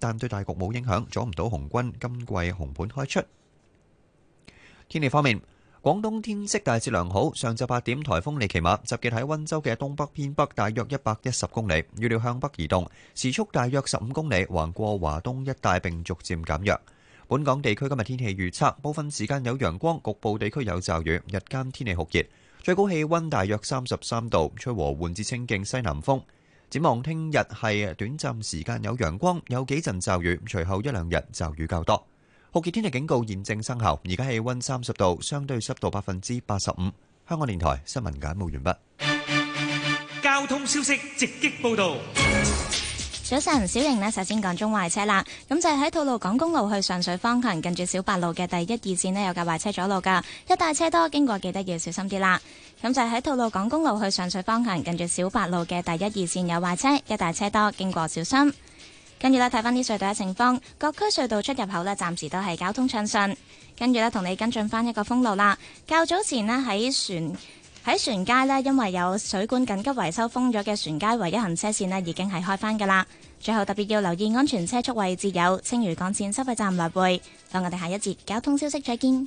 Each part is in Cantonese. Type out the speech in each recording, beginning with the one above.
但對大局冇影響，阻唔到紅軍今季紅盤開出。天氣方面，廣東天色大致良好。上晝八點，颱風利奇馬集結喺溫州嘅東北偏北，大約一百一十公里，預料向北移動，時速大約十五公里，橫過華東一帶並逐漸減弱。本港地區今日天氣預測，部分時間有陽光，局部地區有驟雨，日間天氣酷熱，最高氣溫大約三十三度，吹和緩至清勁西南風。展望聽日係短暫時間有陽光，有幾陣驟雨，隨後一兩日驟雨較多。酷熱天氣警告現正生效，而家氣温三十度，相對濕度百分之八十五。香港電台新聞簡報完畢。交通消息直擊報導。早晨，小瑩呢，首先講中壞車啦，咁就喺吐露港公路去上水方向，近住小白路嘅第一二線咧有架壞車阻路噶，一帶車多，經過記得要小心啲啦。咁就喺吐露港公路去上水方向，近住小白路嘅第一二線有壞車，一帶車多，經過小心。跟住呢，睇翻啲隧道嘅情況，各區隧道出入口呢，暫時都係交通暢順。跟住呢，同你跟進翻一個封路啦。較早前呢，喺船。喺船街呢，因為有水管緊急維修封咗嘅船街唯一行車線呢已經係開翻噶啦。最後特別要留意安全車速位置有青嶼幹線收費站來回。當我哋下一節交通消息再見。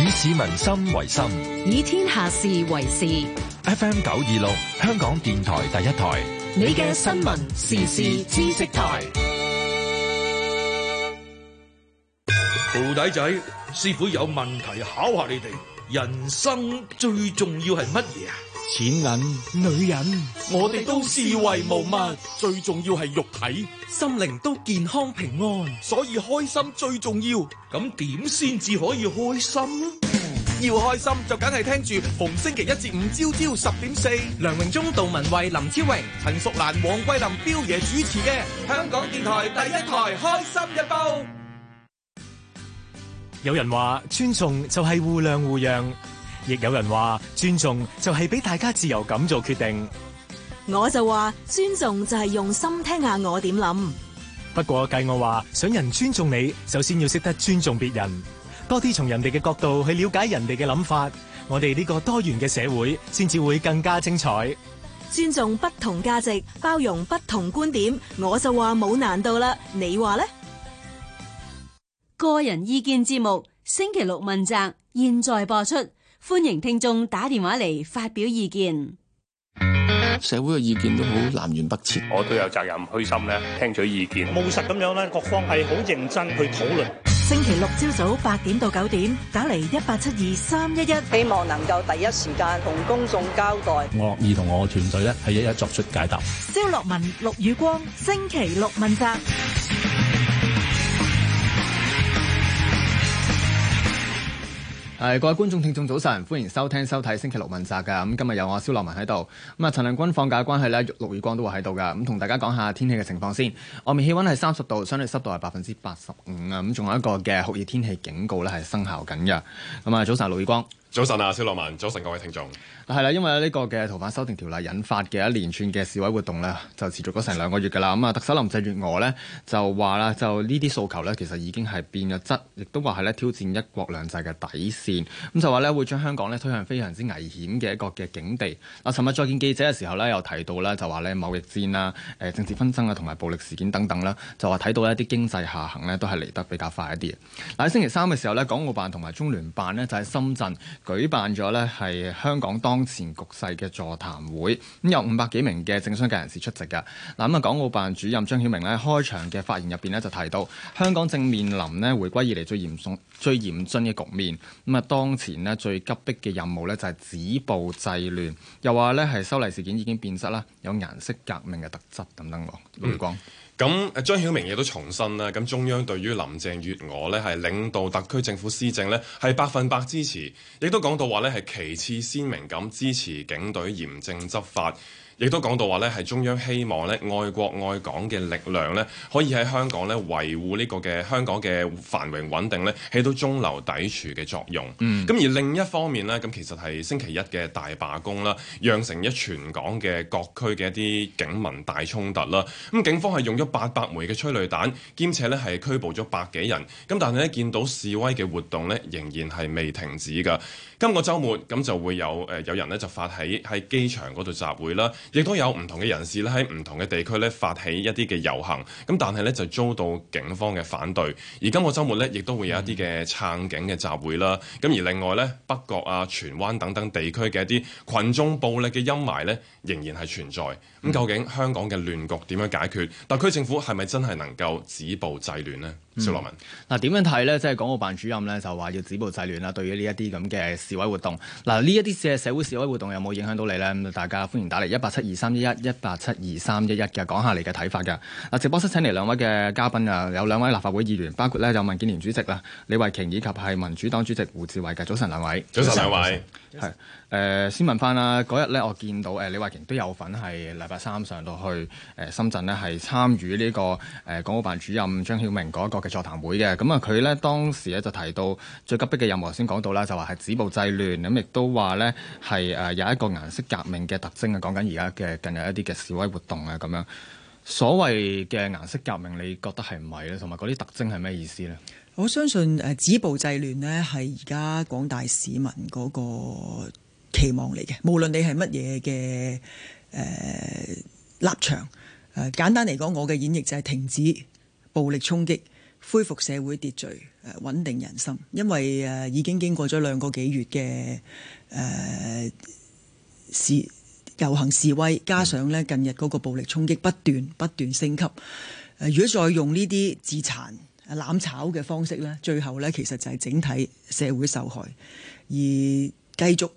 以市民心為心，以天下事為事。FM 九二六，香港電台第一台，你嘅新聞時事知識台。徒弟仔，師傅有問題考下你哋。人生最重要係乜嘢啊？錢銀、銀女人，我哋們都視為無物，最重要係肉體，心靈都健康平安，所以開心最重要。咁點先至可以開心？嗯，要開心就梗係聽住逢星期一至五朝朝十點四，梁榮忠、杜文惠、林超榮、陳淑蘭、黃桂林、彪爺主持嘅香港電台第一台開心日報。有人話尊重就係互諒互讓，亦有人話尊重就係俾大家自由咁做決定。我就話尊重就係用心聽下我點諗。不過計我話想人尊重你，首先要識得尊重別人，多啲從人哋嘅角度去了解人哋嘅諗法。我哋呢個多元嘅社會，先至會更加精彩。尊重不同價值，包容不同觀點，我就話冇難度啦。你話呢？個人意見節目星期六問責，現在播出，歡迎聽眾打電話嚟發表意見。社會嘅意見都好南轅北轍，我都有責任虛心呢，聽取意見，務實咁樣呢，各方係好認真去討論。星期六朝早八點到九點，打嚟一八七二三一一，希望能夠第一時間同公眾交代，我樂意同我團隊呢，係一一作出解答。蕭洛汶、陸宇光，星期六問責。係各位觀眾聽眾早晨，歡迎收聽收睇星期六問責噶咁，今日有我蕭洛汶喺度咁啊陳亮君放假關係咧，陸宇光都會喺度噶咁，同大家講下天氣嘅情況先。外面氣温係三十度，相對濕度係百分之八十五啊咁，仲有一個嘅酷熱天氣警告咧係生效緊嘅。咁啊早晨，陸宇光，早晨啊蕭洛汶，早晨各位聽眾。係啦，因為呢個嘅逃犯修訂條例引發嘅一連串嘅示威活動呢，就持續咗成兩個月㗎啦。咁啊，特首林鄭月娥呢，就話啦，就呢啲訴求呢，其實已經係變咗質，亦都話係呢挑戰一國兩制嘅底線。咁就話呢，會將香港呢推向非常之危險嘅一個嘅境地。啊，尋日再見記者嘅時候呢，又提到呢，就話呢貿易戰啊、誒、呃、政治紛爭啊、同埋暴力事件等等啦，就話睇到一啲經濟下行呢，都係嚟得比較快一啲嘅。嗱喺星期三嘅時候呢，港澳辦同埋中聯辦呢，就喺深圳舉辦咗呢係香港當當前局勢嘅座談會，咁有五百幾名嘅政商界人士出席嘅。嗱，咁啊，港澳辦主任張曉明喺開場嘅發言入邊呢，就提到，香港正面臨呢回歸以嚟最嚴重、最嚴峻嘅局面。咁啊，當前呢最急迫嘅任務呢，就係止暴制亂，又話呢係修例事件已經變質啦，有顏色革命嘅特質等等我。陸宇光。嗯咁張曉明亦都重申啦。咁中央對於林鄭月娥呢係領導特區政府施政呢係百分百支持，亦都講到話呢係旗幟鮮明咁支持警隊嚴正執法。亦都講到話咧，係中央希望咧，愛國愛港嘅力量咧，可以喺香港咧維護呢個嘅香港嘅繁榮穩定咧，起到中流砥柱嘅作用。咁、嗯、而另一方面咧，咁其實係星期一嘅大罷工啦，釀成一全港嘅各區嘅一啲警民大衝突啦。咁警方係用咗八百枚嘅催淚彈，兼且咧係拘捕咗百幾人。咁但係咧，見到示威嘅活動咧，仍然係未停止㗎。今個週末咁就會有誒有人咧就發起喺機場嗰度集會啦。亦都有唔同嘅人士咧喺唔同嘅地區咧發起一啲嘅遊行，咁但係咧就遭到警方嘅反對。而今個週末咧，亦都會有一啲嘅撐警嘅集會啦。咁、嗯、而另外咧，北角啊、荃灣等等地區嘅一啲群眾暴力嘅陰霾咧，仍然係存在。咁、嗯、究竟香港嘅亂局點樣解決？特區政府係咪真係能夠止暴制亂呢？蕭洛汶，嗱點樣睇呢？即係港澳辦主任呢，就話要止暴制亂啦、啊。對於呢一啲咁嘅示威活動，嗱呢一啲嘅社會示威活動有冇影響到你呢？咁大家歡迎打嚟一八七二三一一一八七二三一一嘅講下你嘅睇法嘅。嗱、啊、直播室請嚟兩位嘅嘉賓啊，有兩位立法會議員，包括呢有民建聯主席啦，李慧瓊以及係民主黨主席胡志偉嘅。早晨兩位，早晨兩位，係誒、呃、先問翻啦。嗰日呢，我見到誒李慧瓊都有份係禮拜三上到去誒深圳呢，係參與呢個誒港澳辦主任張曉明嗰個。呃呃呃座談會嘅咁啊，佢咧當時咧就提到最急迫嘅任務頭先講到啦，就話係止暴制亂，咁亦都話咧係誒有一個顏色革命嘅特徵啊，講緊而家嘅近日一啲嘅示威活動啊，咁樣所謂嘅顏色革命，你覺得係唔係咧？同埋嗰啲特徵係咩意思咧？我相信誒止暴制亂呢係而家廣大市民嗰個期望嚟嘅，無論你係乜嘢嘅誒立場誒，簡單嚟講，我嘅演繹就係停止暴力衝擊。恢復社會秩序，誒，穩定人心，因為誒、呃、已經經過咗兩個幾月嘅誒示遊行示威，加上咧近日嗰個暴力衝擊不斷不斷升級。呃、如果再用呢啲自殘、攬炒嘅方式咧，最後咧其實就係整體社會受害，而繼續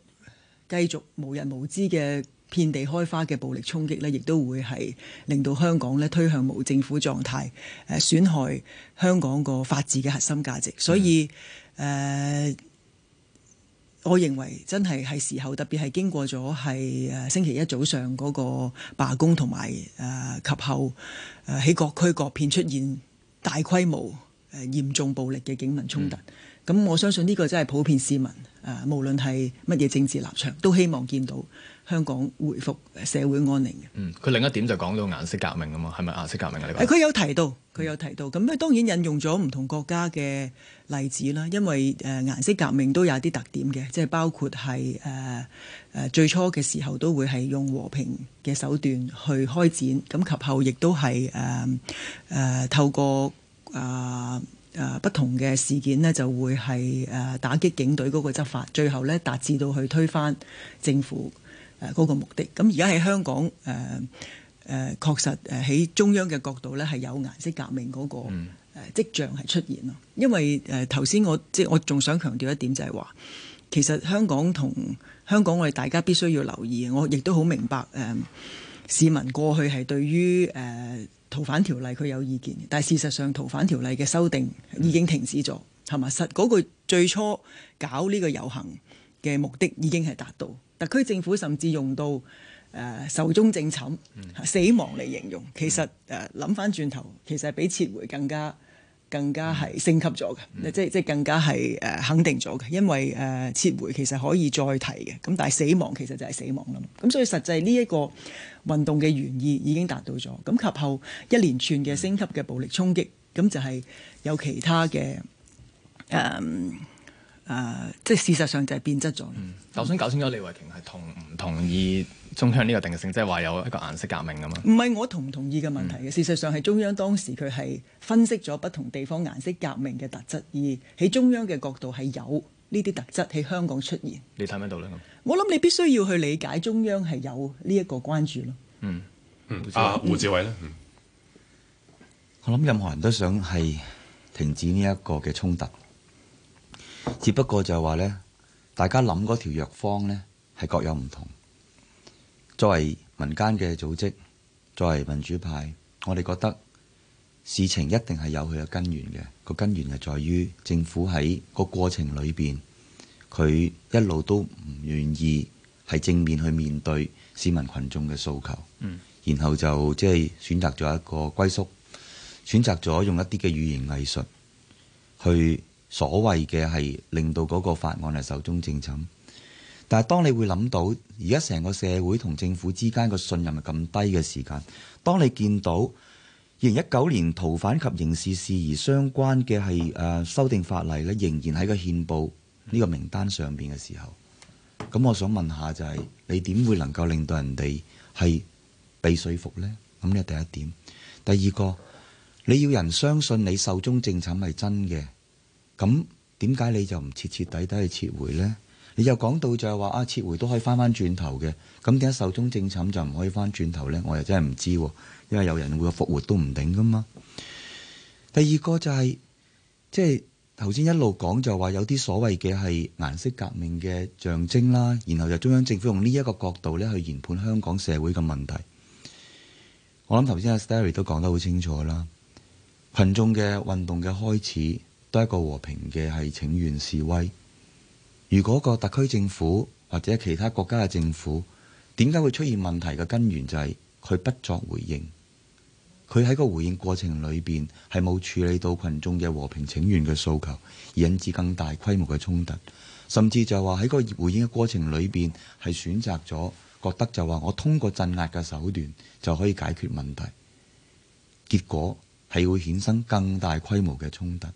繼續無人無知嘅。遍地開花嘅暴力衝擊呢，亦都會係令到香港呢推向無政府狀態，誒、呃、損害香港個法治嘅核心價值。所以誒、呃、我認為真係係時候，特別係經過咗係誒星期一早上嗰個罷工同埋誒及後誒喺、呃、各區各片出現大規模誒嚴重暴力嘅警民衝突。嗯咁我相信呢個真係普遍市民，誒、呃，無論係乜嘢政治立場，都希望見到香港回復社會安寧嘅。嗯，佢另一點就講到顏色革命啊嘛，係咪顏色革命啊？佢有提到，佢有提到。咁佢當然引用咗唔同國家嘅例子啦，因為誒、呃、顏色革命都有啲特點嘅，即係包括係誒誒最初嘅時候都會係用和平嘅手段去開展，咁及後亦都係誒誒透過啊、呃。誒、呃、不同嘅事件呢，就會係誒、呃、打擊警隊嗰個執法，最後呢，達至到去推翻政府誒嗰個目的。咁而家喺香港誒誒、呃呃，確實誒喺中央嘅角度呢，係有顏色革命嗰個誒跡象係出現咯。因為誒頭先我即我仲想強調一點就係話，其實香港同香港我哋大家必須要留意，我亦都好明白誒、呃、市民過去係對於誒。呃逃犯條例佢有意見，但係事實上逃犯條例嘅修訂已經停止咗，係嘛、嗯？實嗰、嗰個最初搞呢個遊行嘅目的已經係達到，特區政府甚至用到誒壽終正寢、死亡嚟形容。其實誒諗翻轉頭，其實比撤回更加更加係升級咗嘅、嗯，即係即係更加係誒肯定咗嘅，因為誒、呃、撤回其實可以再提嘅，咁但係死亡其實就係死亡啦。咁所以實際呢一個。運動嘅原意已經達到咗，咁及後一連串嘅升級嘅暴力衝擊，咁就係有其他嘅誒誒，即係事實上就係變質咗。首先搞清楚，嗯、李慧瓊係同唔同意中央呢個定性，即係話有一個顏色革命㗎嘛？唔係我同唔同意嘅問題嘅，事實上係中央當時佢係分析咗不同地方顏色革命嘅特質，而喺中央嘅角度係有。呢啲特質喺香港出現，你睇到呢？我諗你必須要去理解中央係有呢一個關注咯、嗯。嗯嗯、啊，胡志偉呢？嗯、我諗任何人都想係停止呢一個嘅衝突，只不過就係話呢，大家諗嗰條藥方呢係各有唔同。作為民間嘅組織，作為民主派，我哋覺得。事情一定係有佢嘅根源嘅，個根源係在於政府喺個過程裏邊，佢一路都唔願意係正面去面對市民群眾嘅訴求，嗯、然後就即係、就是、選擇咗一個歸宿，選擇咗用一啲嘅語言藝術去所謂嘅係令到嗰個法案係壽終正寢，但係當你會諗到而家成個社會同政府之間個信任係咁低嘅時間，當你見到。二零一九年逃犯及刑事事宜相關嘅係誒修訂法例咧，仍然喺個憲報呢、這個名單上邊嘅時候，咁、嗯、我想問下就係、是、你點會能夠令到人哋係被說服呢？咁、嗯、呢第一點，第二個你要人相信你壽終正寢係真嘅，咁點解你就唔徹徹底底去撤回呢？你又講到就係話啊，撤回都可以翻翻轉頭嘅，咁點解壽終正寢就唔可以翻轉頭呢？我又真係唔知喎、啊。因為有人會復活都唔定㗎嘛。第二個就係即係頭先一路講就話有啲所謂嘅係顏色革命嘅象徵啦，然後就中央政府用呢一個角度去研判香港社會嘅問題。我諗頭先阿 Starry 都講得好清楚啦。群眾嘅運動嘅開始都係一個和平嘅係請願示威。如果個特區政府或者其他國家嘅政府，點解會出現問題嘅根源就係佢不作回應。佢喺個回應過程裏邊係冇處理到群眾嘅和平請願嘅訴求，而引致更大規模嘅衝突，甚至就話喺個回應嘅過程裏邊係選擇咗覺得就話我通過鎮壓嘅手段就可以解決問題，結果係會衍生更大規模嘅衝突。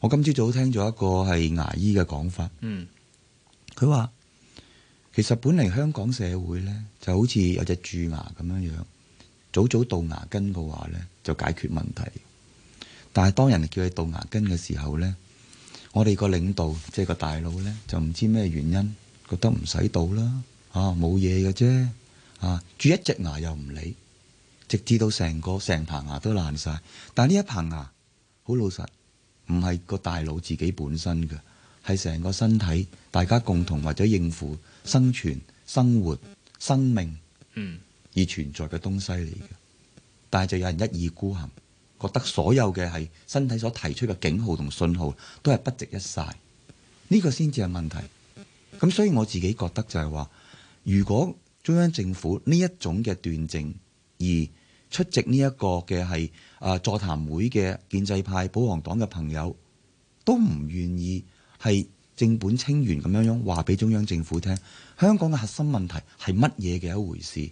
我今朝早聽咗一個係牙醫嘅講法，嗯，佢話其實本嚟香港社會呢，就好似有隻蛀牙咁樣樣。早早倒牙根嘅話呢，就解決問題。但係當人叫你倒牙根嘅時候呢，我哋個領導，即係個大佬呢，就唔知咩原因，覺得唔使倒啦，啊冇嘢嘅啫，啊蛀一隻牙又唔理，直至到成個成棚牙都爛晒。但係呢一棚牙好老實，唔係個大佬自己本身嘅，係成個身體大家共同或者應付生存、生活、生命，嗯。而存在嘅東西嚟嘅，但係就有人一意孤行，覺得所有嘅係身體所提出嘅警號同信號都係不值一哂呢，這個先至係問題。咁所以我自己覺得就係話，如果中央政府呢一種嘅斷症，而出席呢一個嘅係啊座談會嘅建制派保皇黨嘅朋友都唔願意係正本清源咁樣樣話俾中央政府聽香港嘅核心問題係乜嘢嘅一回事？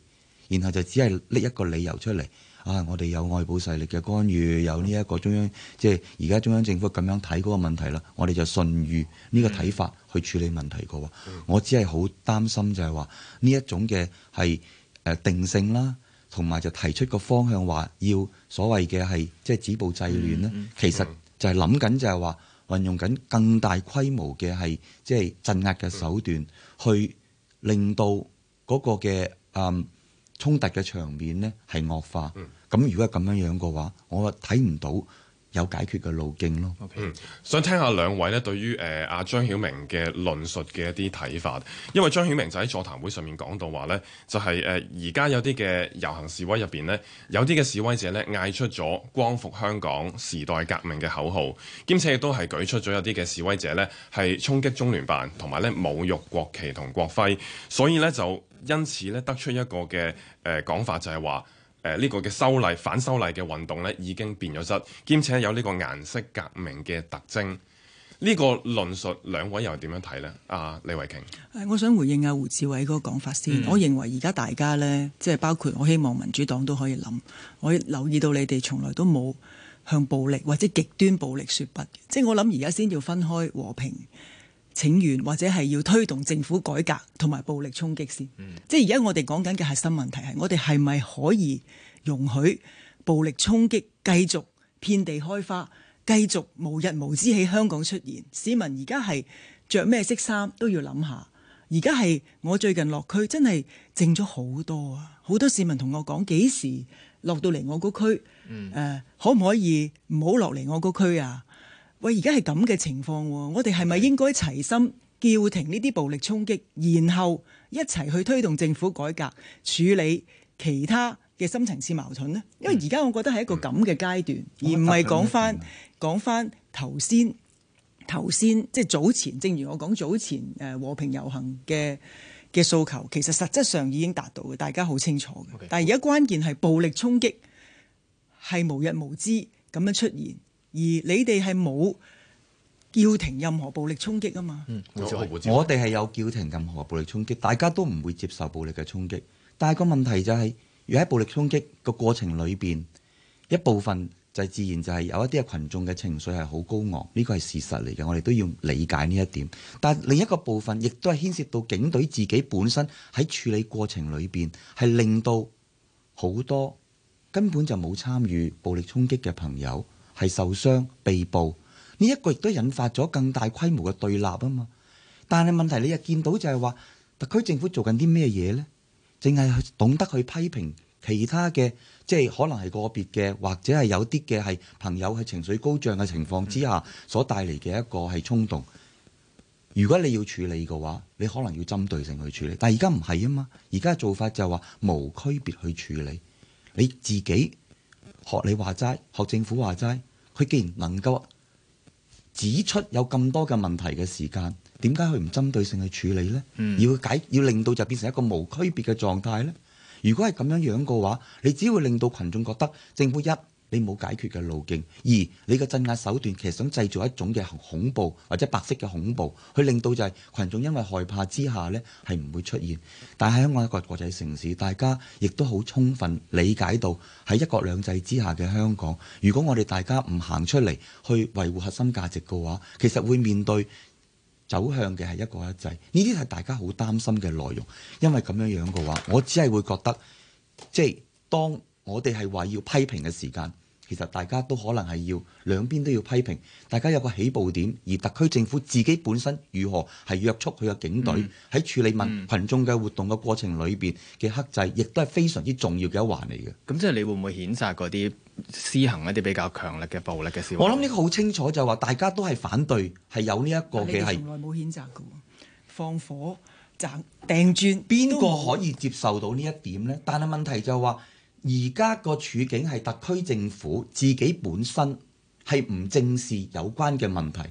然後就只係拎一個理由出嚟，啊！我哋有外部勢力嘅干預，有呢一個中央，即係而家中央政府咁樣睇嗰個問題啦。我哋就順於呢個睇法去處理問題個喎。嗯、我只係好擔心就係話呢一種嘅係誒定性啦，同埋就提出個方向話要所謂嘅係即係止暴制亂咧。嗯嗯其實就係諗緊就係話運用緊更大規模嘅係即係鎮壓嘅手段，嗯嗯、去令到嗰個嘅誒。嗯衝突嘅場面咧，係惡化，咁、嗯、如果係咁樣樣嘅話，我睇唔到有解決嘅路徑咯。Okay. 嗯，想聽下兩位呢對於誒阿、呃、張曉明嘅論述嘅一啲睇法，因為張曉明就喺座談會上面講到話呢就係誒而家有啲嘅遊行示威入邊呢有啲嘅示威者呢嗌出咗光復香港時代革命嘅口號，兼且亦都係舉出咗有啲嘅示威者呢係衝擊中聯辦，同埋呢侮辱國旗同國徽，所以呢，就因此呢得出一個嘅誒、呃、講法就係話。誒呢個嘅修例反修例嘅運動咧，已經變咗質，兼且有呢個顏色革命嘅特徵。呢、這個論述，兩位又點樣睇呢？啊，李慧瓊，我想回應阿、啊、胡志偉嗰個講法先。Mm hmm. 我認為而家大家呢，即係包括我希望民主黨都可以諗。我留意到你哋從來都冇向暴力或者極端暴力說不，即係我諗而家先要分開和平。請願或者係要推動政府改革同埋暴力衝擊先，嗯、即係而家我哋講緊嘅核心問題係：我哋係咪可以容許暴力衝擊繼續遍地開花，繼續無日無之喺香港出現？市民而家係着咩色衫都要諗下。而家係我最近落區，真係靜咗好多啊！好多市民同我講：幾時落到嚟我個區？嗯呃、可唔可以唔好落嚟我個區啊？喂，而家係咁嘅情況，我哋係咪應該齊心叫停呢啲暴力衝擊，然後一齊去推動政府改革，處理其他嘅深層次矛盾呢？因為而家我覺得係一個咁嘅階段，而唔係講翻講翻頭先頭先即係早前，正如我講早前誒和平遊行嘅嘅訴求，其實實質上已經達到嘅，大家好清楚嘅。Okay. 但係而家關鍵係暴力衝擊係無日無之咁樣出現。而你哋係冇叫停任何暴力衝擊啊嘛。嗯，我哋係有叫停任何暴力衝擊，大家都唔會接受暴力嘅衝擊。但係個問題就係，如果喺暴力衝擊個過程裏邊，一部分就自然就係有一啲嘅群眾嘅情緒係好高昂，呢個係事實嚟嘅，我哋都要理解呢一點。但另一個部分，亦都係牽涉到警隊自己本身喺處理過程裏邊，係令到好多根本就冇參與暴力衝擊嘅朋友，係受傷被捕，呢一個亦都引發咗更大規模嘅對立啊嘛！但係問題你又見到就係話，特區政府做緊啲咩嘢呢？淨係懂得去批評其他嘅，即係可能係個別嘅，或者係有啲嘅係朋友係情緒高漲嘅情況之下所帶嚟嘅一個係衝動。如果你要處理嘅話，你可能要針對性去處理，但而家唔係啊嘛！而家做法就係話無區別去處理你自己。學你話齋，學政府話齋，佢既然能夠指出有咁多嘅問題嘅時間，點解佢唔針對性去處理呢？要解要令到就變成一個無區別嘅狀態呢？如果係咁樣樣嘅話，你只會令到群眾覺得政府一。你冇解決嘅路徑，而你嘅鎮壓手段其實想製造一種嘅恐怖或者白色嘅恐怖，去令到就係群眾因為害怕之下呢係唔會出現。但係香港一個國際城市，大家亦都好充分理解到喺一國兩制之下嘅香港，如果我哋大家唔行出嚟去維護核心價值嘅話，其實會面對走向嘅係一國一制。呢啲係大家好擔心嘅內容，因為咁樣樣嘅話，我只係會覺得，即係當我哋係話要批評嘅時間。其實大家都可能係要兩邊都要批評，大家有個起步點，而特區政府自己本身如何係約束佢嘅警隊喺、嗯、處理民羣眾嘅活動嘅過程裏邊嘅克制，亦都係非常之重要嘅一環嚟嘅。咁即係你會唔會譴責嗰啲施行一啲比較強力嘅暴力嘅事？我諗呢個好清楚就，就係話大家都係反對，係有呢一個嘅係。從來冇譴責嘅，放火掟磚，邊個可以接受到呢一點呢？但係問題就係話。而家個處境係特區政府自己本身係唔正視有關嘅問題，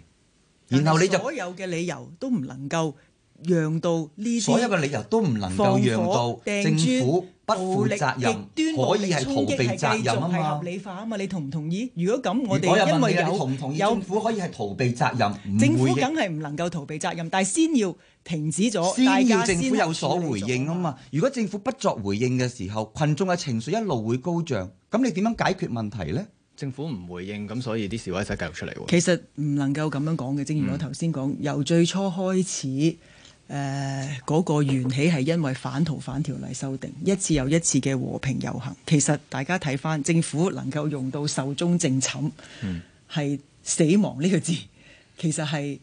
然後你就所有嘅理由都唔能夠讓到呢啲，所有嘅理由都唔能夠讓到政府。不負責任，極端可以係逃避責任啊，合理化啊嘛！你同唔同意？如果咁，我哋因為有政府可以係逃避責任，同唔同意？政府梗係唔能夠逃避責任，但係先要停止咗，先要政府有所回應啊嘛！如果政府不作回應嘅時候，群眾嘅情緒一路會高漲，咁你點樣解決問題呢？政府唔回應咁，所以啲示威者繼續出嚟喎。其實唔能夠咁樣講嘅，正如我頭先講，嗯、由最初開始。誒嗰、呃那個緣起係因為反逃犯條例修訂，一次又一次嘅和平遊行，其實大家睇返政府能夠用到壽終正寢，係、嗯、死亡呢個字，其實係。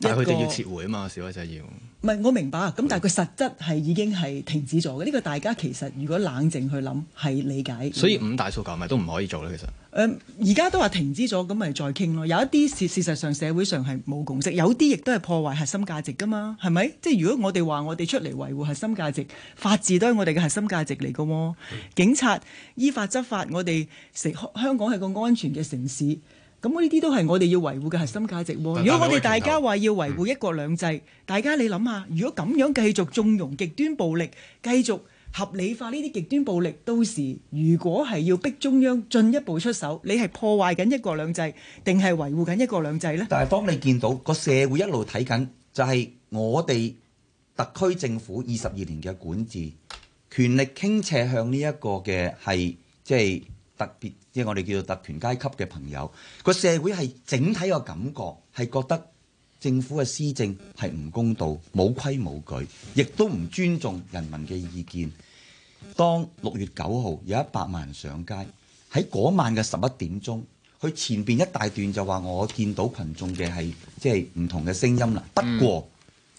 但係佢哋要撤回啊嘛，一個小一隻要。唔係我明白咁對 但係佢實質係已經係停止咗嘅。呢對 個大家其實如果冷靜去諗係理解。所以五大訴求咪都唔可以做咧，其實、嗯。誒，而家都話停止咗，咁咪再傾咯。有一啲事事實上社會上係冇共識，有啲亦都係破壞核心價值㗎嘛，係咪？即係如果我哋話我哋出嚟維護核心價值，法治都係我哋嘅核心價值嚟嘅喎。對 警察依法執法，我哋城香港係個安全嘅城市。咁呢啲都係我哋要維護嘅核心價值喎。如果我哋大家話要維護一國兩制，大家你諗下，如果咁樣繼續縱容極端暴力，繼續合理化呢啲極端暴力，到時如果係要逼中央進一步出手，你係破壞緊一國兩制，定係維護緊一國兩制呢？但係當你見到個社會一路睇緊，就係我哋特區政府二十二年嘅管治，權力傾斜向呢一個嘅係即係。特別即係我哋叫做特權階級嘅朋友，個社會係整體個感覺係覺得政府嘅施政係唔公道、冇規冇矩，亦都唔尊重人民嘅意見。當六月九號有一百萬人上街，喺嗰晚嘅十一點鐘，佢前面一大段就話我見到群眾嘅係即係唔同嘅聲音啦。不過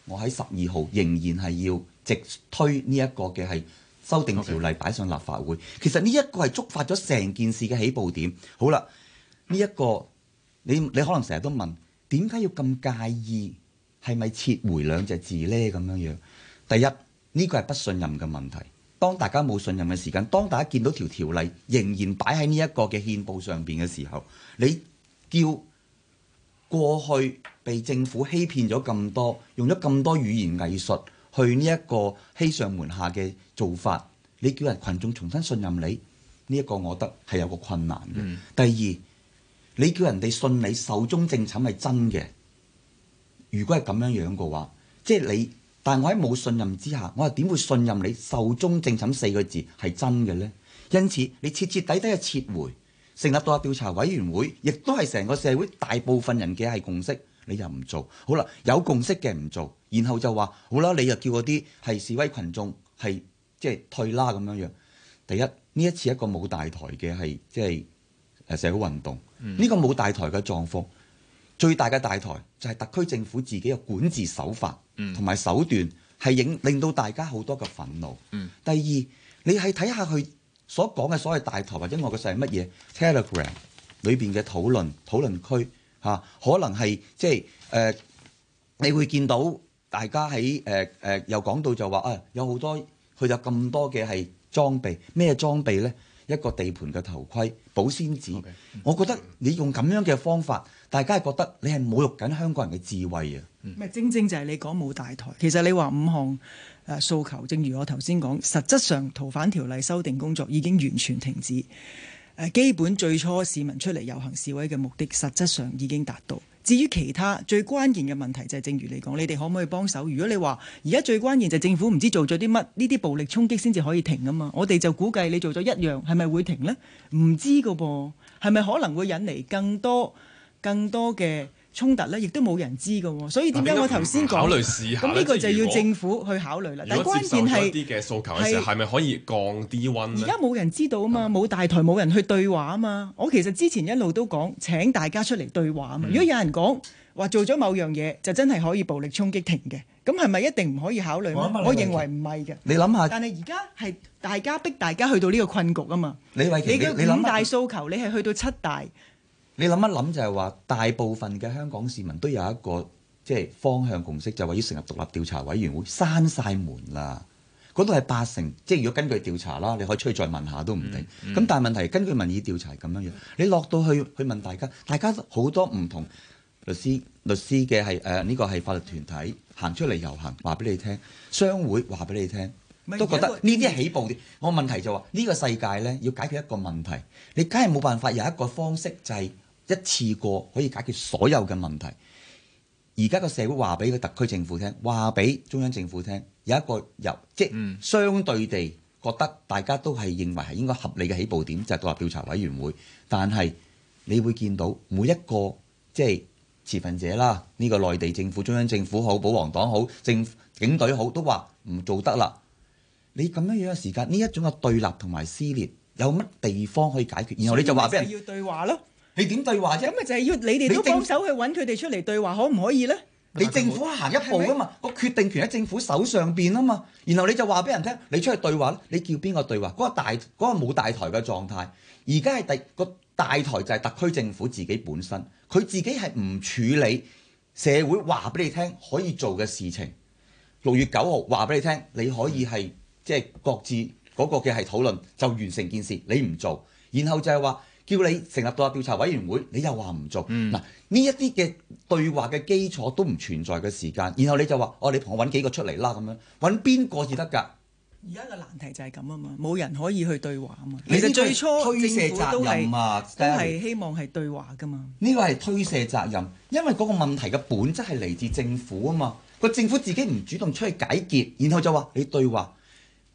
我喺十二號仍然係要直推呢一個嘅係。修訂條例 Okay. 擺上立法會，其實呢一個係觸發咗成件事嘅起步點。好啦，呢一個你你可能成日都問，點解要咁介意？係咪撤回兩隻字呢？咁樣樣，第一呢個係不信任嘅問題。當大家冇信任嘅時間，當大家見到條條例仍然擺喺呢一個嘅憲報上邊嘅時候，你叫過去被政府欺騙咗咁多，用咗咁多語言藝術。去呢一個欺上瞞下嘅做法，你叫人群眾重新信任你呢、這個、一個，我覺得係有個困難嘅。嗯、第二，你叫人哋信你壽終正寢係真嘅，如果係咁樣樣嘅話，即係你，但係我喺冇信任之下，我又點會信任你壽終正寢四個字係真嘅呢？因此，你徹徹底底嘅撤回，成立到個調查委員會，亦都係成個社會大部分人嘅係共識。你又唔做，好啦，有共識嘅唔做，然後就話好啦，你又叫嗰啲係示威群眾係即係退啦咁樣樣。第一呢一次一個冇大台嘅係即係社會運動，呢、嗯、個冇大台嘅狀況，最大嘅大台就係特區政府自己嘅管治手法同埋、嗯、手段係影令到大家好多嘅憤怒。嗯、第二，你係睇下佢所講嘅所謂大台或者我嘅就係乜嘢 Telegram 裏邊嘅討論討論區。啊，可能係即係誒、呃，你會見到大家喺誒誒，又講到就話啊、哎，有好多佢有咁多嘅係裝備，咩裝備呢？一個地盤嘅頭盔、保鮮紙。Okay. 我覺得你用咁樣嘅方法，大家係覺得你係侮辱緊香港人嘅智慧啊！咪正正就係你講冇大台。其實你話五項誒訴求，正如我頭先講，實質上逃犯條例修訂工作已經完全停止。基本最初市民出嚟遊行示威嘅目的，實質上已經達到。至於其他最關鍵嘅問題就係，正如你講，你哋可唔可以幫手？如果你話而家最關鍵就係政府唔知做咗啲乜，呢啲暴力衝擊先至可以停啊嘛。我哋就估計你做咗一樣，係咪會停呢？唔知個噃，係咪可能會引嚟更多更多嘅？衝突咧，亦都冇人知嘅喎，所以點解我頭先講咁呢個就要政府去考慮啦。如果但係關鍵係，呢啲嘅訴求嘅時候係咪可以降低溫咧？而家冇人知道啊嘛，冇嗎大台冇人去對話啊嘛。我其實之前一路都講請大家出嚟對話啊嘛。嗯、如果有人講話做咗某樣嘢，就真係可以暴力衝擊停嘅。咁係咪一定唔可以考慮我，我認為唔係嘅。你諗下，但係而家係大家逼大家去到呢個困局啊嘛。你嘅五大訴求，你係去到七大。你諗一諗就係話，大部分嘅香港市民都有一個即係方向共識，就係要成立獨立調查委員會，閂晒門啦。嗰度係八成，即係如果根據調查啦，你可以出去再問下都唔定。咁、嗯嗯、但係問題根據民意調查咁樣樣，你落到去去問大家，大家好多唔同律師、律師嘅係誒呢個係法律團體行出嚟遊行，話俾你聽，商會話俾你聽，都覺得呢啲起步啲。我問題就話，呢個世界呢，要解決一個問題，你梗係冇辦法有一個方式就係。一次過可以解決所有嘅問題。而家個社會話俾個特區政府聽，話俾中央政府聽，有一個由即相對地覺得大家都係認為係應該合理嘅起步點，就係獨立調查委員會。但係你會見到每一個即係持份者啦，呢個內地政府、中央政府好、保皇黨好、政府警隊好，都話唔做得啦。你咁樣樣嘅時間，呢一種嘅對立同埋撕裂，有乜地方可以解決？然後你就話俾人要對話咯。你點對話啫？咁咪就係要你哋都幫手去揾佢哋出嚟對話，可唔可以呢？你政府行一步吖嘛，個決定權喺政府手上邊啊嘛。然後你就話俾人聽，你出去對話，你叫邊個對話？嗰個大，嗰個冇大台嘅狀態，而家係第個大台就係特區政府自己本身，佢自己係唔處理社會話俾你聽可以做嘅事情。六月九號話俾你聽，你可以係即係各自嗰個嘅係討論就完成件事，你唔做，然後就係話。叫你成立獨立調查委員會，你又話唔做。嗱、嗯，呢一啲嘅對話嘅基礎都唔存在嘅時間，然後你就話：哦，你同我揾幾個出嚟啦咁樣，揾邊個至得㗎？而家個難題就係咁啊嘛，冇人可以去對話啊嘛。其實最初推卸責任嘛，政府都係都係希望係對話㗎嘛。呢個係推卸責任，因為嗰個問題嘅本質係嚟自政府啊嘛。個政府自己唔主動出去解決，然後就話你對話。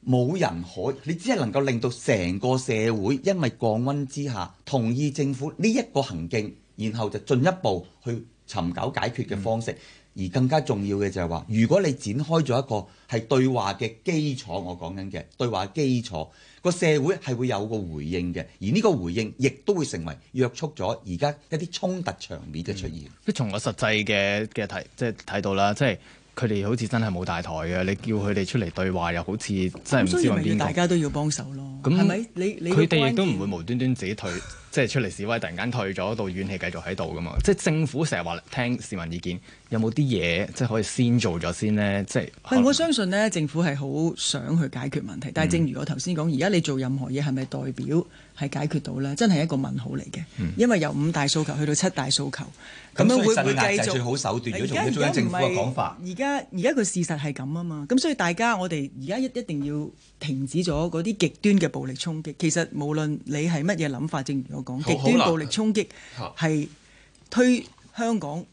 冇人可，你只係能夠令到成個社會因為降溫之下同意政府呢一個行徑，然後就進一步去尋找解決嘅方式。嗯、而更加重要嘅就係話，如果你展開咗一個係對話嘅基礎，我講緊嘅對話基礎，個社會係會有個回應嘅。而呢個回應亦都會成為約束咗而家一啲衝突場面嘅出現。嗯。從我實際嘅嘅睇，即係睇到啦，即係。佢哋好似真係冇大台嘅，你叫佢哋出嚟對話又好似真係唔知揾邊個。嗯，所以大家都要幫手咯，係咪，嗯？你佢哋亦都唔會無端端自己退。即係出嚟示威，突然間退咗，度，怨氣繼續喺度噶嘛？即係政府成日話聽市民意見，有冇啲嘢即係可以先做咗先呢？即係，我相信呢，政府係好想去解決問題，但係正如我頭先講，而家你做任何嘢係咪代表係解決到呢？真係一個問號嚟嘅，嗯、因為由五大訴求去到七大訴求，咁、嗯、樣會唔會繼續。政府嘅講法。而家而家個事實係咁啊嘛！咁所以大家我哋而家一定要。停止咗嗰啲極端嘅暴力衝擊。其實無論你係乜嘢諗法，正如我講，極端暴力衝擊係推香港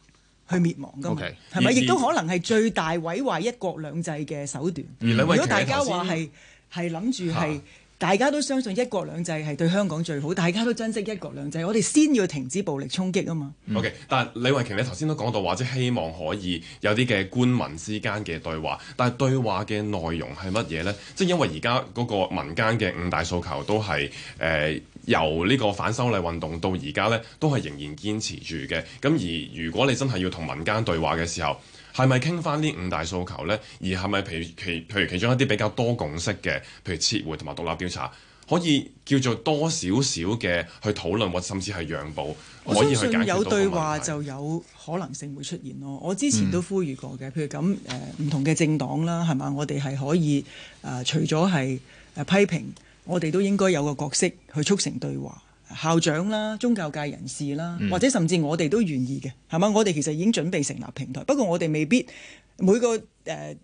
去滅亡㗎，係咪？亦都可能係最大毀壞一國兩制嘅手段。嗯、如果大家話係係諗住係。大家都相信一國兩制係對香港最好，大家都珍惜一國兩制，我哋先要停止暴力衝擊啊嘛。嗯、OK，但李慧瓊你頭先都講到話，即希望可以有啲嘅官民之間嘅對話，但係對話嘅內容係乜嘢呢？即係因為而家嗰個民間嘅五大訴求都係誒、呃、由呢個反修例運動到而家呢，都係仍然堅持住嘅。咁而如果你真係要同民間對話嘅時候，係咪傾翻呢五大訴求呢？而係咪其其譬如其中一啲比較多共識嘅，譬如撤回同埋獨立調查，可以叫做多少少嘅去討論，或甚至係讓步，可以去我相信有對話就有可能性會出現咯。我之前都呼籲過嘅，譬如咁誒唔同嘅政黨啦，係嘛？我哋係可以誒、呃、除咗係誒批評，我哋都應該有個角色去促成對話。校長啦、宗教界人士啦，嗯、或者甚至我哋都願意嘅，係嘛？我哋其實已經準備成立平台，不過我哋未必每個誒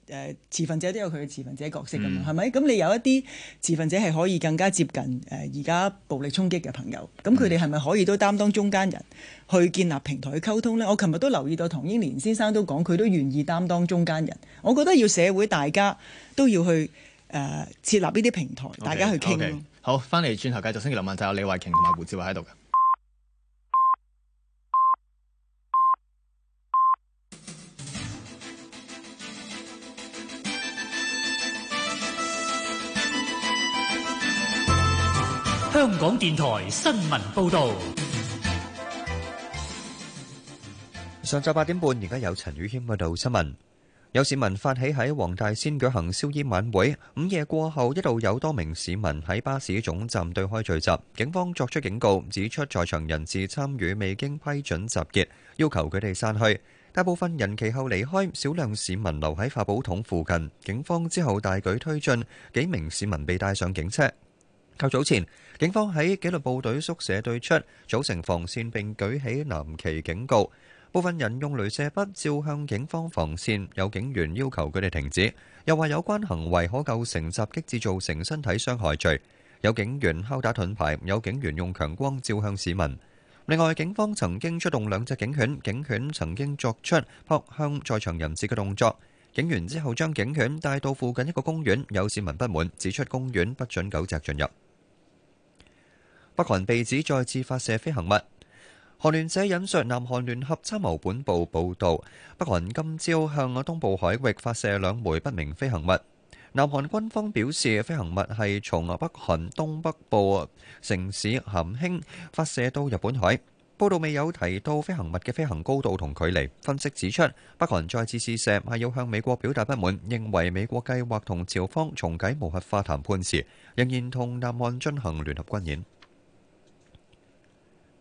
誒持份者都有佢嘅持份者角色咁樣，係咪、嗯？咁你有一啲持份者係可以更加接近誒而家暴力衝擊嘅朋友，咁佢哋係咪可以都擔當中間人去建立平台去溝通呢？我琴日都留意到唐英年先生都講，佢都願意擔當中間人。我覺得要社會大家都要去誒、呃、設立呢啲平台，okay，大家去傾。好，翻嚟轉頭繼續星期六晚就有、是、李慧瓊同埋胡志偉喺度嘅。香港電台新聞報道。上晝八點半，而家有陳宇謙報道新聞。有市民發起喺黃大仙舉行燒衣晚會，午夜過後一度有多名市民喺巴士總站對開聚集，警方作出警告，指出在場人士參與未經批准集結，要求佢哋散去。大部分人其後離開，少量市民留喺法寶桶附近，警方之後大舉推進，幾名市民被帶上警車。較早前，警方喺紀律部隊宿舍對出組成防線，並舉起藍旗警告。部分人用鐳射筆照向警方防線，有警員要求佢哋停止，又話有關行為可構成襲擊致造成身體傷害罪。有警員敲打盾牌，有警員用強光照向市民。另外，警方曾經出動兩隻警犬，警犬曾經作出撲向在場人士嘅動作。警員之後將警犬帶到附近一個公園，有市民不滿指出公園不准狗隻進入。北韓被指再次發射飛行物。韓聯社引述南韓聯合參謀本部報導，北韓今朝向東部海域發射兩枚不明飛行物。南韓軍方表示，飛行物係從北韓東北部城市咸興發射到日本海。報導未有提到飛行物嘅飛行高度同距離。分析指出，北韓再次試射係要向美國表達不滿，認為美國計劃同朝方重啟無核化談判時，仍然同南韓進行聯合軍演。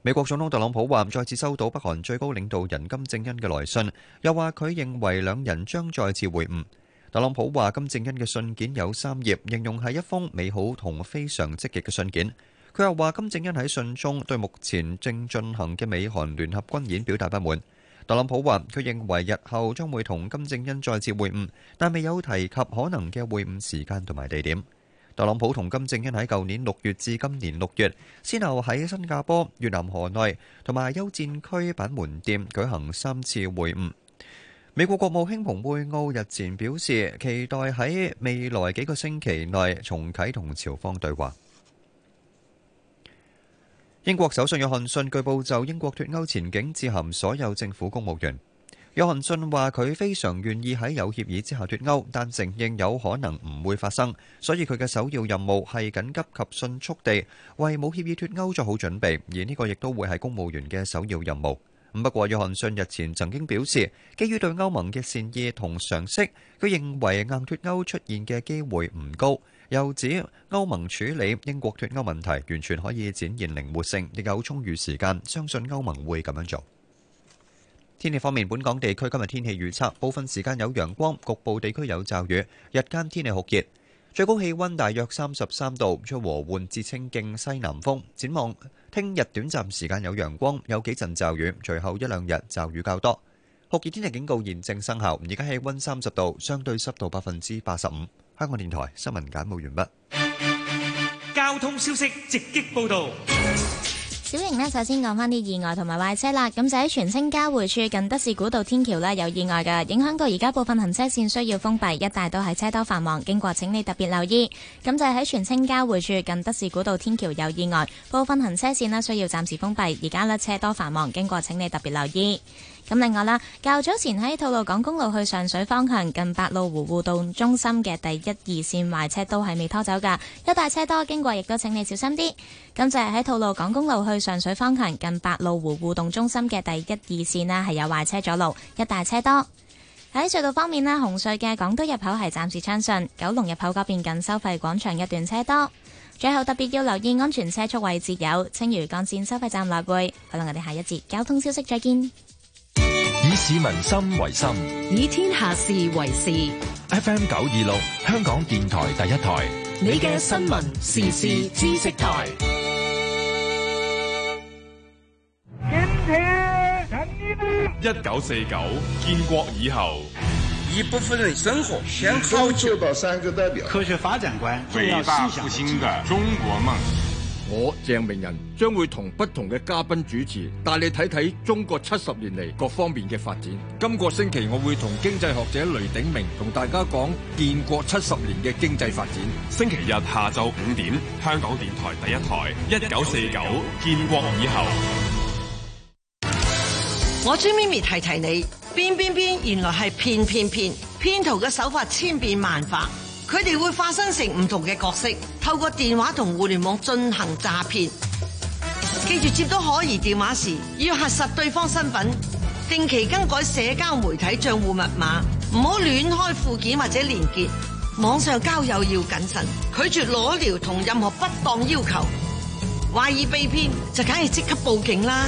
美國總統特朗普話再次收到北韓最高領導人金正恩嘅來信，又話佢認為兩人將再次會晤。特朗普話金正恩嘅信件有三頁，形容係一封美好同非常積極嘅信件。佢又話金正恩喺信中對目前正進行嘅美韓聯合軍演表達不滿。特朗普話佢認為日後將會同金正恩再次會晤，但未有提及可能嘅會晤時間同埋地點。特朗普同金正恩喺舊年六月至今年六月，先後喺新加坡、越南河內同埋休戰區板門店舉行三次會晤。美國國務卿蓬佩奧日前表示，期待喺未來幾個星期內重啟同朝方對話。英國首相約翰遜據報就英國脫歐前景致函所有政府公務員。約翰遜話佢非常願意喺有協議之下脫歐，但承認有可能唔會發生，所以佢嘅首要任務係緊急及迅速地為冇協議脫歐做好準備，而呢個亦都會係公務員嘅首要任務。不過約翰遜日前曾經表示，基於對歐盟嘅善意同常識，佢認為硬脫歐出現嘅機會唔高，又指歐盟處理英國脫歐問題完全可以展現靈活性，亦有充裕時間，相信歐盟會咁樣做。天氣方面，本港地區今日天氣預測部分時間有陽光，局部地區有驟雨，日間天氣酷熱，最高氣温大約三十三度，吹和緩至清勁西南風。展望聽日短暫時間有陽光，有幾陣驟雨，隨後一兩日驟雨較多。酷熱天氣警告現正生效，而家氣温三十度，相對濕度百分之八十五。香港電台新聞簡報完畢。交通消息直擊報道。小瑩呢，首先講返啲意外同埋壞車啦。咁就喺、是、荃青交匯處近德士古道天橋呢，有意外嘅，影響到而家部分行車線需要封閉，一帶都係車多繁忙經過，請你特別留意。咁就係、是、喺荃青交匯處近德士古道天橋有意外，部分行車線呢需要暫時封閉，而家呢，車多繁忙經過，請你特別留意。咁另外啦，較早前喺吐露港公路去上水方向，近白鷺湖互動中心嘅第一二線壞車都係未拖走㗎。一大車多經過，亦都請你小心啲。咁就係喺吐露港公路去上水方向，近白鷺湖互動中心嘅第一二線啦，係有壞車阻路，一大車多喺隧道方面呢，紅隧嘅港島入口係暫時暢順，九龍入口嗰邊近收費廣場一段車多。最後特別要留意安全車速位置有青嶼幹線收費站落背。好啦，我哋下一節交通消息再見。以市民心為心，以天下事為事。FM 九二六，香港電台第一台，你嘅新聞時事知識台。今天天一九四九建國以後，一部分人生活先考做到三個代表，科學發展觀，偉大復興的中國夢。我鄭明仁將會同不同嘅嘉賓主持，帶你睇睇中國七十年嚟各方面嘅發展。今個星期我會同經濟學者雷鼎明同大家講建國七十年嘅經濟發展。星期日下晝五點，香港電台第一台一九四九建國以後。我朱咪咪提提你，邊邊邊原來係騙騙騙，騙徒嘅手法千變萬化。佢哋會化身成唔同嘅角色，透過電話同互聯網進行詐騙。記住接到可疑電話時，要核實對方身份；定期更改社交媒體賬戶密碼，唔好亂開附件或者連結。網上交友要謹慎，拒絕裸聊同任何不當要求。懷疑被騙就梗係即刻報警啦！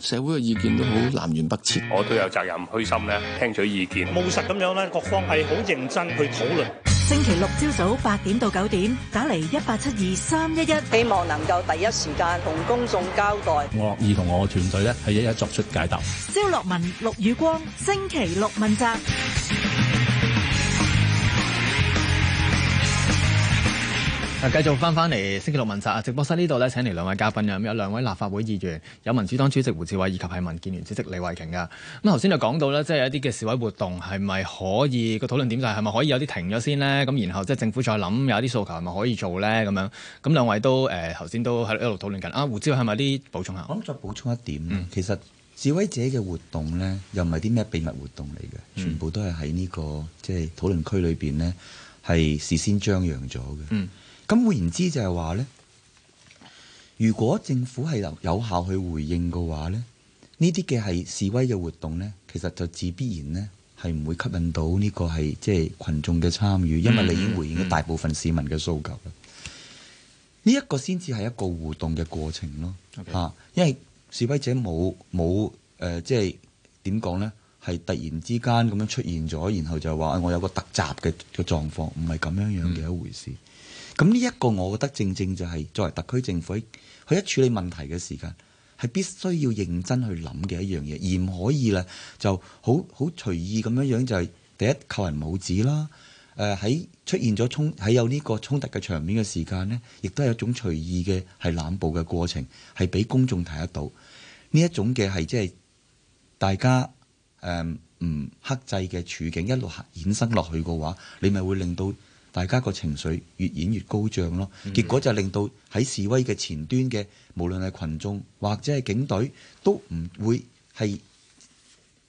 社會嘅意見都好南轅北轍， 我都有責任虛心咧，聽取意見，務實咁樣咧，各方係好認真去討論。星期六朝早八點到九點，打嚟一八七二三一一，希望能夠第一時間同公眾交代，我樂意同我團隊咧係一一作出解答。蕭洛汶、陸宇光，星期六問責。繼續翻返嚟星期六問責啊！直播室呢度咧請嚟兩位嘉賓嘅，咁有兩位立法會議員，有民主黨主席胡志偉以及係民建聯主席李慧瓊嘅。咁頭先就講到咧，即係一啲嘅示威活動係咪可以，個討論點就係係咪可以有啲停咗先呢？咁然後即係政府再諗有啲訴求係咪可以做咧？咁樣咁兩位都誒，頭先都喺一路討論緊啊！胡志偉係咪啲補充下？我諗再補充一點，嗯、其實示威者嘅活動咧又唔係啲咩秘密活動嚟嘅，嗯、全部都係喺呢個即係討論區裏邊咧係事先張揚咗嘅。嗯咁換言之，就係話呢，如果政府係有有效去回應嘅話咧，呢啲嘅係示威嘅活動呢，其實就自必然呢，係唔會吸引到呢個係即係群眾嘅參與，因為你已經回應咗大部分市民嘅訴求啦。呢一、mm hmm. 個先至係一個互動嘅過程咯嚇，Okay. 因為示威者冇冇誒，即係點講呢？係突然之間咁樣出現咗，然後就話我有個突襲嘅嘅狀況，唔係咁樣樣嘅一回事。Mm hmm. 咁呢一個，我覺得正正就係作為特區政府，佢一處理問題嘅時間，係必須要認真去諗嘅一樣嘢，而唔可以咧就好好隨意咁樣樣就係、是、第一扣人帽子啦。誒、呃、喺出現咗衝喺有呢個衝突嘅場面嘅時間呢，亦都係一種隨意嘅係濫捕嘅過程，係俾公眾睇得到。呢一種嘅係即係大家誒唔、呃、克制嘅處境一路衍生落去嘅話，你咪會令到，大家嘅情緒越演越高漲咯，結果就令到喺示威嘅前端嘅，無論係群眾或者係警隊，都唔會係。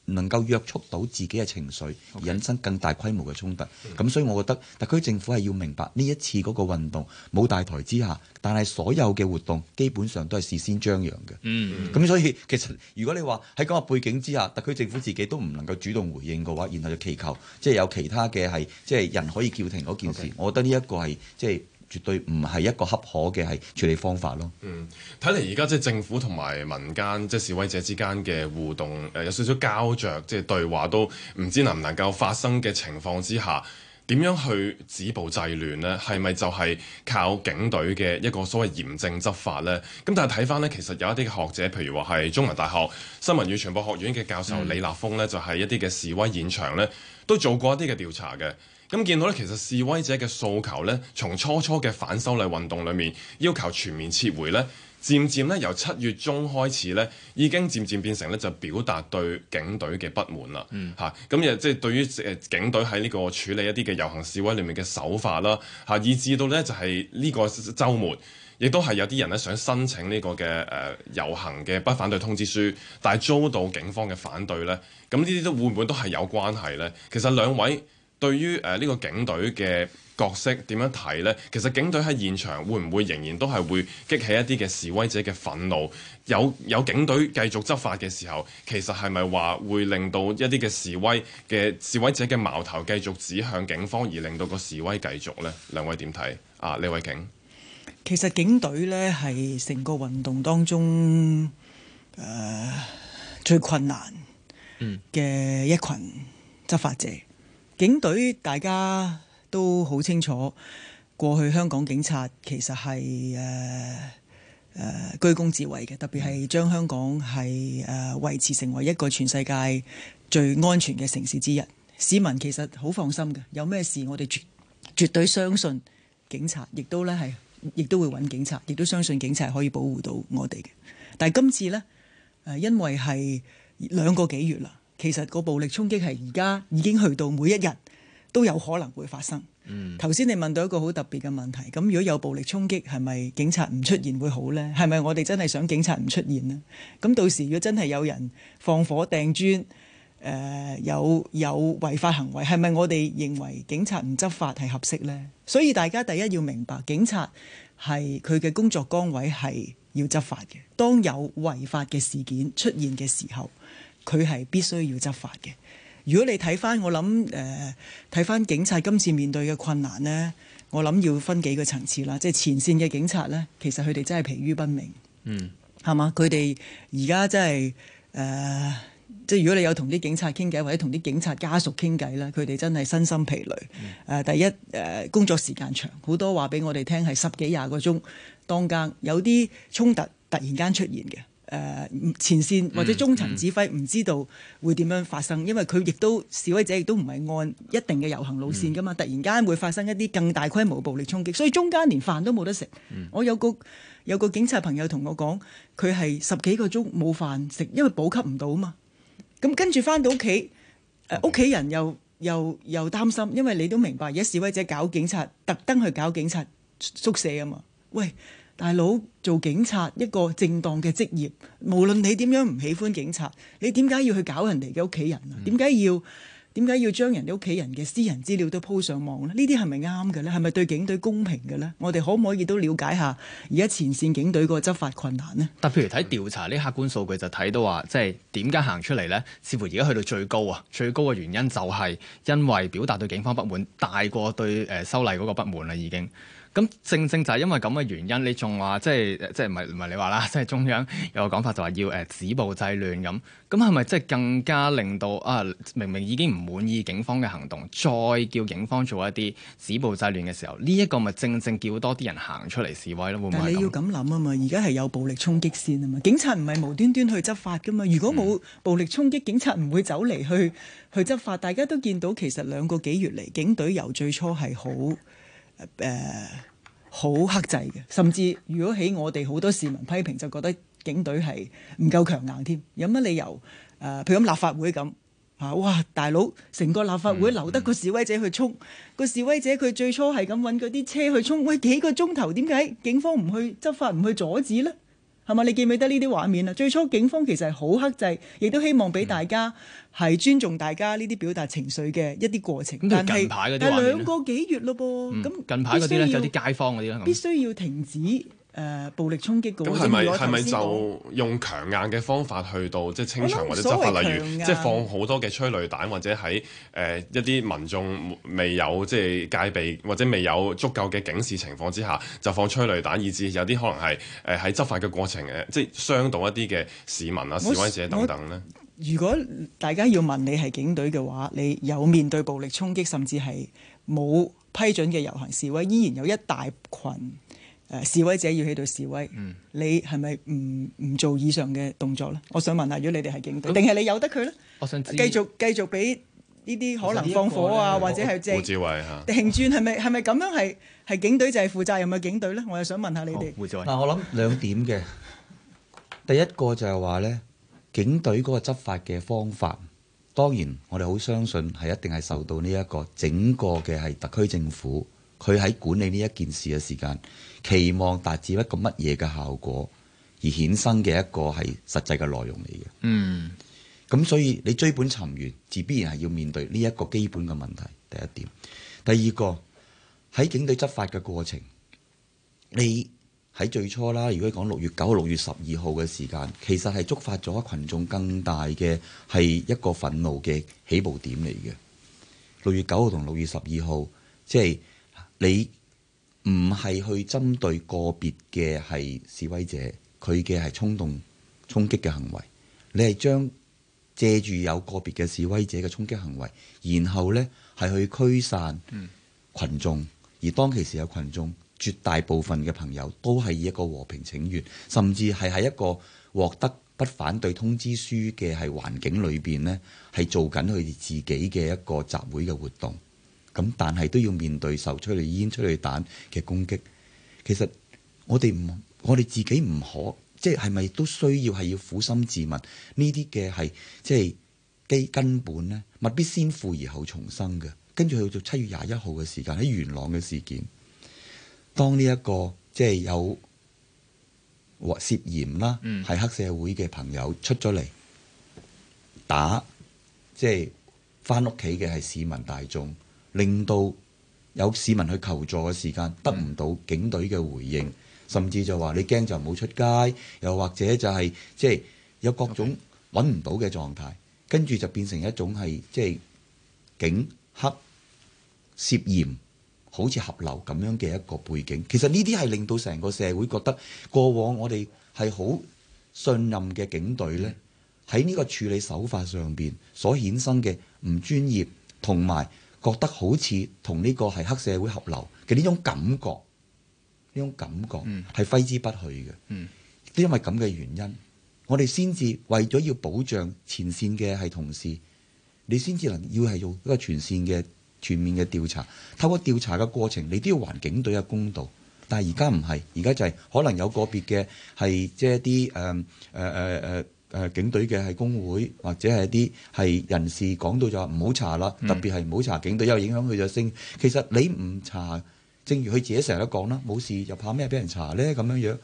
能夠約束到自己嘅情緒，引申更大規模嘅衝突。咁 Okay. 所以，我覺得特區政府係要明白呢一次嗰個運動冇大台之下，但係所有嘅活動基本上都係事先張揚嘅。咁、mm hmm. 所以，其實如果你話喺嗰個背景之下，特區政府自己都唔能夠主動回應嘅話，然後就祈求即係、就是、有其他嘅係即係人可以叫停嗰件事，Okay. 我覺得呢一個係即係。就是絕對唔係一個恰可嘅係處理方法咯。嗯，睇嚟而家即係政府同埋民間即係示威者之間嘅互動，誒、呃、有少少膠着，即、就、係、是、對話都唔知能唔能夠發生嘅情況之下，點樣去止暴制亂呢？係咪就係靠警隊嘅一個所謂嚴正執法呢？咁、嗯、但係睇返呢，其實有一啲嘅學者，譬如話係中文大學新聞與傳播學院嘅教授李立峯呢，就係、是、一啲嘅示威現場呢，都做過一啲嘅調查嘅。咁見到咧，其實示威者嘅訴求咧，從初初嘅反修例運動裡面要求全面撤回咧，漸漸咧由七月中開始咧，已經漸漸變成咧就表達對警隊嘅不滿啦。嚇咁亦即係對於誒警隊喺呢個處理一啲嘅遊行示威裡面嘅手法啦嚇、啊，以至到咧就係呢個週末，亦都係有啲人咧想申請呢、呢個嘅誒、呃、遊行嘅不反對通知書，但係遭到警方嘅反對咧。咁呢啲都會唔會都係有關係咧？其實兩位。對於誒呢、呃呢個警隊嘅角色點樣睇呢？其實警隊喺現場會唔會仍然都係會激起一啲嘅示威者嘅憤怒？有有警隊繼續執法嘅時候，其實係咪話會令到一啲嘅示威嘅示威者嘅矛頭繼續指向警方，而令到個示威繼續呢？兩位點睇？啊，李慧瓊，其實警隊呢係成個運動當中誒、呃、最困難嘅一群執法者。警隊大家都好清楚，過去香港警察其實係誒誒居功至偉嘅，特別係將香港係誒、呃、維持成為一個全世界最安全嘅城市之一。市民其實好放心嘅，有咩事我哋絕絕對相信警察，亦都咧係亦都會揾警察，亦都相信警察可以保護到我哋嘅。但係今次呢，因為係兩個幾月啦。其實個暴力衝擊係而家已經去到每一日都有可能會發生。頭先、嗯、你問到一個好特別嘅問題，咁如果有暴力衝擊，係咪警察唔出現會好呢？係咪我哋真係想警察唔出現呢？咁到時如果真係有人放火掟磚，誒、呃、有有違法行為，係咪我哋認為警察唔執法係合適呢？所以大家第一要明白，警察係佢嘅工作崗位係要執法嘅。當有違法嘅事件出現嘅時候，佢係必須要執法嘅。如果你睇翻，我諗誒睇翻警察今次面對嘅困難呢，我諗要分幾個層次啦。即係前線嘅警察呢，其實佢哋真係疲於奔命。嗯，係嘛？佢哋而家真係誒，即係如果你有同啲警察傾偈，或者同啲警察家屬傾偈呢，佢哋真係身心疲累。誒、嗯呃，第一誒、呃，工作時間長，好多話俾我哋聽係十幾廿個鐘當更，有啲衝突突，突突然間出現嘅。誒、呃、前線或者中層指揮唔、嗯、知道會點樣發生，嗯、因為佢亦都示威者亦都唔係按一定嘅遊行路線噶嘛，嗯、突然間會發生一啲更大規模暴力衝擊，所以中間連飯都冇得食。嗯、我有個有個警察朋友同我講，佢係十幾個鐘冇飯食，因為補給唔到啊嘛。咁跟住返到屋企，誒屋企人又又又，又擔心，因為你都明白而家示威者搞警察，特登去搞警察宿舍啊嘛。喂！大佬做警察一個正當嘅職業，無論你點樣唔喜歡警察，你點解要去搞人哋嘅屋企人啊？點解要點解要將人哋屋企人嘅私人資料都鋪上網呢？呢啲係咪啱嘅呢？係咪對警隊公平嘅呢？我哋可唔可以都了解下而家前線警隊個執法困難呢？但譬如睇調查呢客觀數據就睇到話，即係點解行出嚟呢？似乎而家去到最高啊！最高嘅原因就係因為表達對警方不滿，大過對誒、呃、修例嗰個不滿啦，已經。咁正正就係因為咁嘅原因，你仲話即係即係唔係唔係你話啦？即係中央有個講法就話要誒、呃、止暴制亂咁，咁係咪即係更加令到啊？明明已經唔滿意警方嘅行動，再叫警方做一啲止暴制亂嘅時候，呢、這、一個咪正正叫多啲人行出嚟示威咯？會唔會？但係你要咁諗啊嘛，而家係有暴力衝擊先啊嘛，警察唔係無端端去執法㗎嘛，如果冇暴力衝擊，警察唔會走嚟去去執法。大家都見到其實兩個幾月嚟，警隊由最初係好。 誒好、uh, 克制嘅，甚至如果喺我哋好多市民批評，就覺得警隊係唔夠強硬添。有乜理由誒？Uh, 譬如咁立法會咁嚇，哇！大佬成個立法會留得個示威者去衝個、嗯嗯、示威者佢最初係咁揾嗰啲車去衝喂，幾個鐘頭，點解警方唔去執法，唔去阻止咧？係嘛？你記唔記得呢啲畫面啊？最初警方其實係好克制，亦都希望俾大家係、嗯、尊重大家呢啲表達情緒嘅一啲過程。咁係、嗯、是近排啲畫面。但兩個幾月咯噃。咁、嗯、近排嗰啲咧，有、就、啲、是、街坊嗰啲咧，必須要停止。誒、呃、暴力衝擊咁，咁係咪係咪就用強硬嘅方法去到即係清場或者執法？例如即係放好多嘅催淚彈，或者喺誒、呃、一啲民眾未有即係戒備或者未有足夠嘅警示情況之下，就放催淚彈，以至有啲可能係誒喺執法嘅過程嘅，即係傷到一啲嘅市民啊、示我威者等等咧。如果大家要問你係警隊嘅話，你有面對暴力衝擊，甚至係冇批准嘅遊行示威，依然有一大群示威者要喺度示威，嗯、你係咪唔唔做以上嘅動作咧？我想問下，如果你哋係警隊，定係那你由得佢呢？我想繼續繼續俾呢啲可能放火啊，或者係借、就是、胡志偉嚇轉係咪係咪咁樣係係警隊就係負責任嘅警隊呢？我又想問下你哋胡志偉。嗱，我諗兩點嘅 第一個就係話呢，警隊嗰個執法嘅方法，當然我哋好相信係一定係受到呢一個整個嘅係特區政府佢喺管理呢一件事嘅時間，期望達至一個乜嘢嘅效果而衍生嘅一個係實際嘅內容嚟嘅。嗯，咁所以你追本尋源，自必然係要面對呢一個基本嘅問題。第一點，第二個喺警隊執法嘅過程，你喺最初啦。如果講六月九號、六月十二號嘅時間，其實係觸發咗群眾更大嘅係一個憤怒嘅起步點嚟嘅。六月九號同六月十二號，即係你。唔係去針對個別嘅係示威者，佢嘅係衝動衝擊嘅行為。你係將借住有個別嘅示威者嘅衝擊行為，然後咧係去驅散群眾。而當其時有群眾，絕大部分嘅朋友都係以一個和平請願，甚至係喺一個獲得不反對通知書嘅係環境裏邊咧，係做緊佢哋自己嘅一個集會嘅活動。咁，但係都要面對受催淚煙、催淚彈嘅攻擊。其實我哋唔，我哋自己唔可，即係係咪都需要係要苦心自問呢啲嘅係即係基根本呢，物必先腐，而後重生嘅。跟住去到七月廿一號嘅時間喺元朗嘅事件，當呢、這、一個即係、就是、有或涉嫌啦，係、嗯、黑社會嘅朋友出咗嚟打，即係返屋企嘅係市民大眾。令到有市民去求助嘅時間得唔到警隊嘅回應，甚至就話你驚就冇出街，又或者就係即係有各種揾唔到嘅狀態，跟住就變成一種係即係警黑涉嫌好似合流咁樣嘅一個背景。其實呢啲係令到成個社會覺得過往我哋係好信任嘅警隊呢喺呢個處理手法上邊所衍生嘅唔專業同埋。覺得好似同呢個係黑社會合流嘅呢種感覺，呢種感覺係揮之不去嘅。都因為咁嘅原因，我哋先至為咗要保障前線嘅係同事，你先至能要係做一個全線嘅全面嘅調查。透過調查嘅過程，你都要還警隊嘅公道。但係而家唔係，而家就係可能有個別嘅係即係啲誒誒誒誒。是誒、呃、警隊嘅係工會或者係一啲係人士講到就話唔好查啦，嗯、特別係唔好查警隊，因為影響佢就升。其實你唔查。正如佢自己成日都講啦，冇事又怕咩俾人查咧咁樣樣，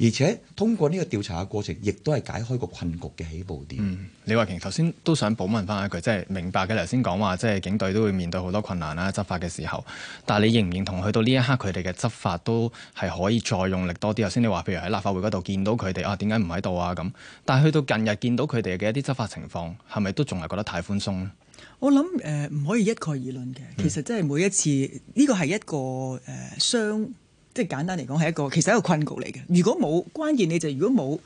而且通過呢個調查嘅過程，亦都係解開個困局嘅起步點。嗯，李慧瓊頭先都想補問翻一句，即係明白嘅頭先講話，即係警隊都會面對好多困難啦，執法嘅時候。但係你認唔認同去到呢一刻佢哋嘅執法都係可以再用力多啲？頭先你話譬如喺立法會嗰度見到佢哋啊，點解唔喺度啊咁？但係去到近日見到佢哋嘅一啲執法情況，係咪都仲係覺得太寬鬆？我諗誒唔可以一概而論嘅，其實真係每一次呢、這個係一個誒相，即、呃、係簡單嚟講係一個其實一個困局嚟嘅。如果冇關鍵，你就如果冇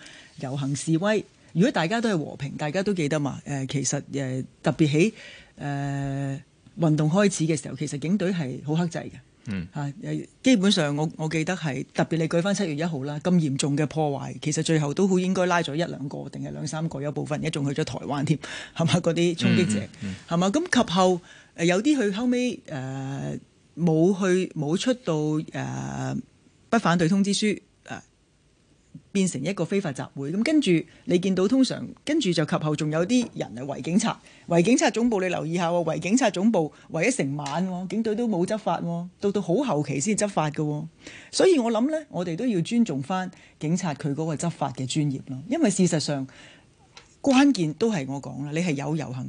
遊行示威，如果大家都係和平，大家都記得嘛誒、呃，其實誒、呃、特別喺誒運動開始嘅時候，其實警隊係好克制嘅。嗯，嚇誒，基本上我我記得係特別你舉翻七月一號啦，咁嚴重嘅破壞，其實最後都好應該拉咗一兩個，定係兩三個，有部分一仲去咗台灣添，係嘛？嗰啲衝擊者，係嘛、嗯嗯嗯？咁及後誒有啲佢後尾誒冇去冇出到誒、呃、不反對通知書，變成一個非法集會，咁跟住你見到通常跟住就及後仲有啲人嚟圍警察，圍警察總部，你留意下喎，圍警察總部圍咗成晚，警隊都冇執法，到到好後期先執法嘅，所以我諗呢，我哋都要尊重翻警察佢嗰個執法嘅專業咯，因為事實上關鍵都係我講啦，你係有遊行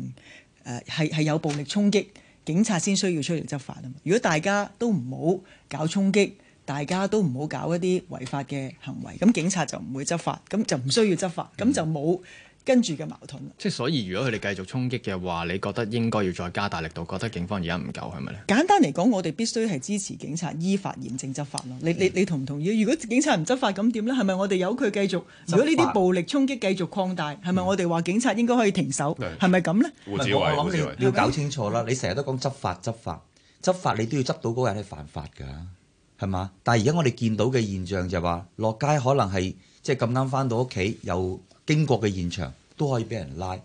誒，係、呃、係有暴力衝擊警察先需要出嚟執法啊，如果大家都唔好搞衝擊。大家都唔好搞一啲違法嘅行為，咁警察就唔會執法，咁就唔需要執法，咁就冇跟住嘅矛盾。即係、嗯嗯、所以，如果佢哋繼續衝擊嘅話，你覺得應該要再加大力度，覺得警方而家唔夠係咪呢？簡單嚟講，我哋必須係支持警察依法嚴正執法咯。你、嗯、你，你同唔同意？如果警察唔執法，咁點呢？係咪我哋由佢繼續？執法。如果呢啲暴力衝擊繼續擴大，係咪我哋話警察應該可以停手？係咪咁呢？胡志偉，我講你，你要搞清楚啦。你成日都講執法執法執法，你都要執到嗰個人係犯法㗎。係嘛？但係而家我哋見到嘅現象就係話，落街可能係即係咁啱翻到屋企，有經過嘅現場都可以俾人拉。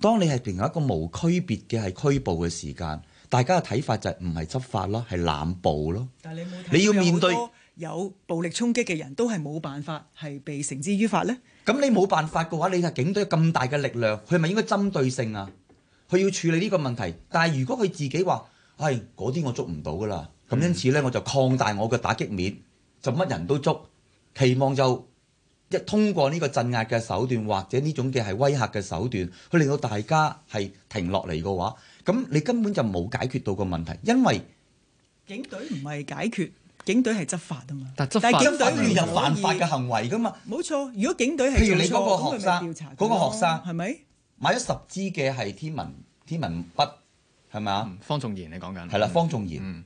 當你係平衡一個無區別嘅係拘捕嘅時間，大家嘅睇法就係唔係執法咯，係濫捕咯。但係你要面對有暴力衝擊嘅人都係冇辦法係被繩之於法呢。咁你冇辦法嘅話，你警隊咁大嘅力量，佢咪應該針對性啊？佢要處理呢個問題。但係如果佢自己話，係嗰啲我捉唔到噶啦。咁因此咧，我就擴大我嘅打擊面，就乜人都捉，期望就一通過呢個鎮壓嘅手段或者呢種嘅係威嚇嘅手段，去令到大家係停落嚟嘅話，咁你根本就冇解決到個問題，因為警隊唔係解決，警隊係執法啊嘛。但執法，但係警隊要有犯法嘅行為㗎嘛。冇錯，如果警隊係譬如你嗰個學生，嗰個學生係咪買咗十支嘅係天文天文筆，係咪啊？方仲賢，你講緊係啦，方仲賢。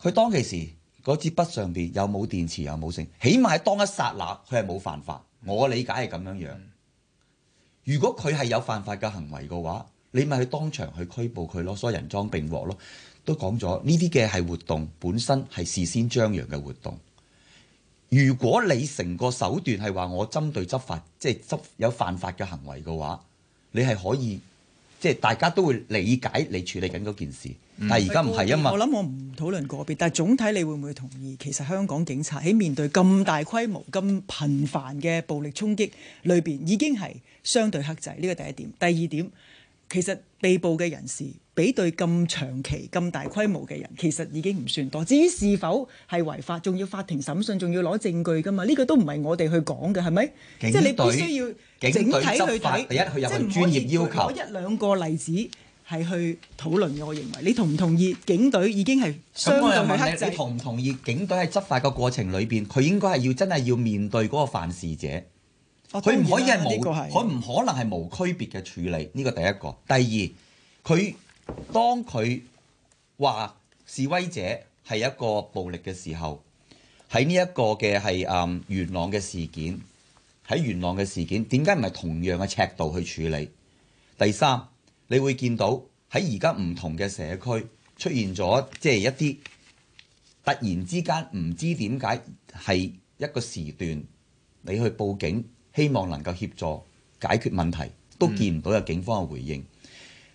佢當其時嗰支筆上邊又冇電池又冇剩，起碼係當一剎那佢係冇犯法。我理解係咁樣樣。如果佢係有犯法嘅行為嘅話，你咪去當場去拘捕佢，所以人贓並獲咯。都講咗呢啲嘅係活動本身係事先張揚嘅活動。如果你成個手段係話我針對執法，即係執有犯法嘅行為嘅話，你係可以。即係大家都會理解你處理緊嗰件事，但係而家唔係因為、嗯。我諗我唔討論個別，但係總體你會唔會同意？其實香港警察喺面對咁大規模、咁頻繁嘅暴力衝擊裏邊，已經係相對克制。呢個第一點，第二點。其實被捕嘅人士比對咁長期、咁大規模嘅人，其實已經唔算多。至於是否係違法，仲要法庭審訊，仲要攞證據㗎嘛？呢個都唔係我哋去講嘅，係咪？警隊，即係你必須要整體去睇，警隊執法第一，佢有佢專業要求。一兩個例子係去討論嘅，我認為你同唔同意？警隊已經係相當克制。咁我又問你，你同唔同意警隊喺執法個過程裏邊，佢應該係要真係要面對嗰個犯事者？佢唔、哦、可以係無，佢唔可能係無區別嘅處理，呢、這個第一個。第二，佢當佢話示威者係一個暴力嘅時候，喺呢一個嘅係誒元朗嘅事件，喺元朗嘅事件，點解唔係同樣嘅尺度去處理？第三，你會見到喺而家唔同嘅社區出現咗，即、就、係、是、一啲突然之間唔知點解係一個時段，你去報警。希望能夠協助解決問題，都見唔到有警方嘅回應。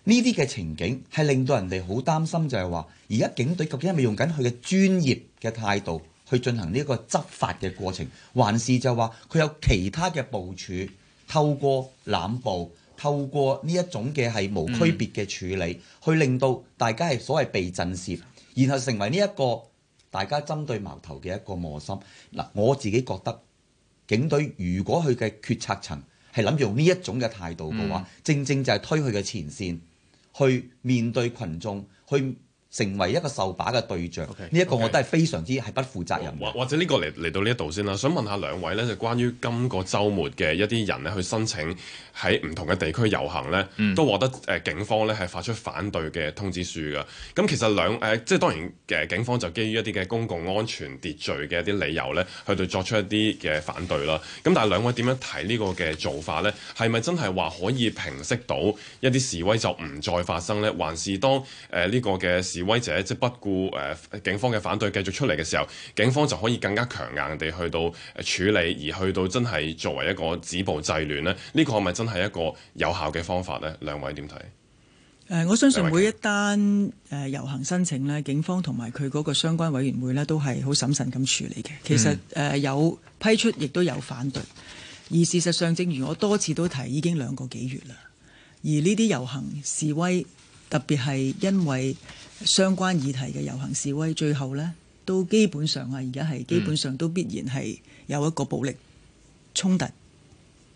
呢啲嘅情景係令到人哋好擔心就，就係話而家警隊究竟係咪用緊佢嘅專業嘅態度去進行呢一個執法嘅過程，還是就話佢有其他嘅部署透過，透過濫捕，透過呢一種嘅係無區別嘅處理，嗯、去令到大家係所謂被震懾，然後成為呢一個大家針對矛頭嘅一個磨心。嗱，我自己覺得。警隊如果佢嘅決策層係諗用呢一種嘅態度嘅話，嗯、正正就係推佢嘅前線去面對群眾去。成為一個受把嘅對象，呢一 Okay, okay, 個我都係非常之係不負責任，或者呢個嚟嚟到呢一度先啦，想問下兩位呢，就關於今個週末嘅一啲人呢去申請喺唔同嘅地區遊行呢，嗯、都獲得誒、呃、警方呢係發出反對嘅通知書㗎。咁其實兩誒、呃、即係當然嘅警方就基於一啲嘅公共安全秩序嘅一啲理由呢，去到作出一啲嘅反對啦。咁但係兩位點樣睇呢個嘅做法呢？係咪真係話可以平息到一啲示威就唔再發生呢？還是當誒呢、呃這個嘅示？示威者即不顧誒警方嘅反對，繼續出嚟嘅時候，警方就可以更加強硬地去到處理，而去到真係作為一個止暴制亂呢，呢、呢個係咪真係一個有效嘅方法咧？兩位點睇？誒、呃，我相信每一單誒遊行申請咧，警方同埋佢嗰個相關委員會咧，都係好審慎咁處理嘅。其實誒、嗯呃、有批出，亦都有反對。而事實上，正如我多次都提，已經兩個幾月啦。而呢啲遊行示威，特別係因為。相關議題嘅遊行示威，最後呢都基本上啊，而家係基本上都必然係有一個暴力衝突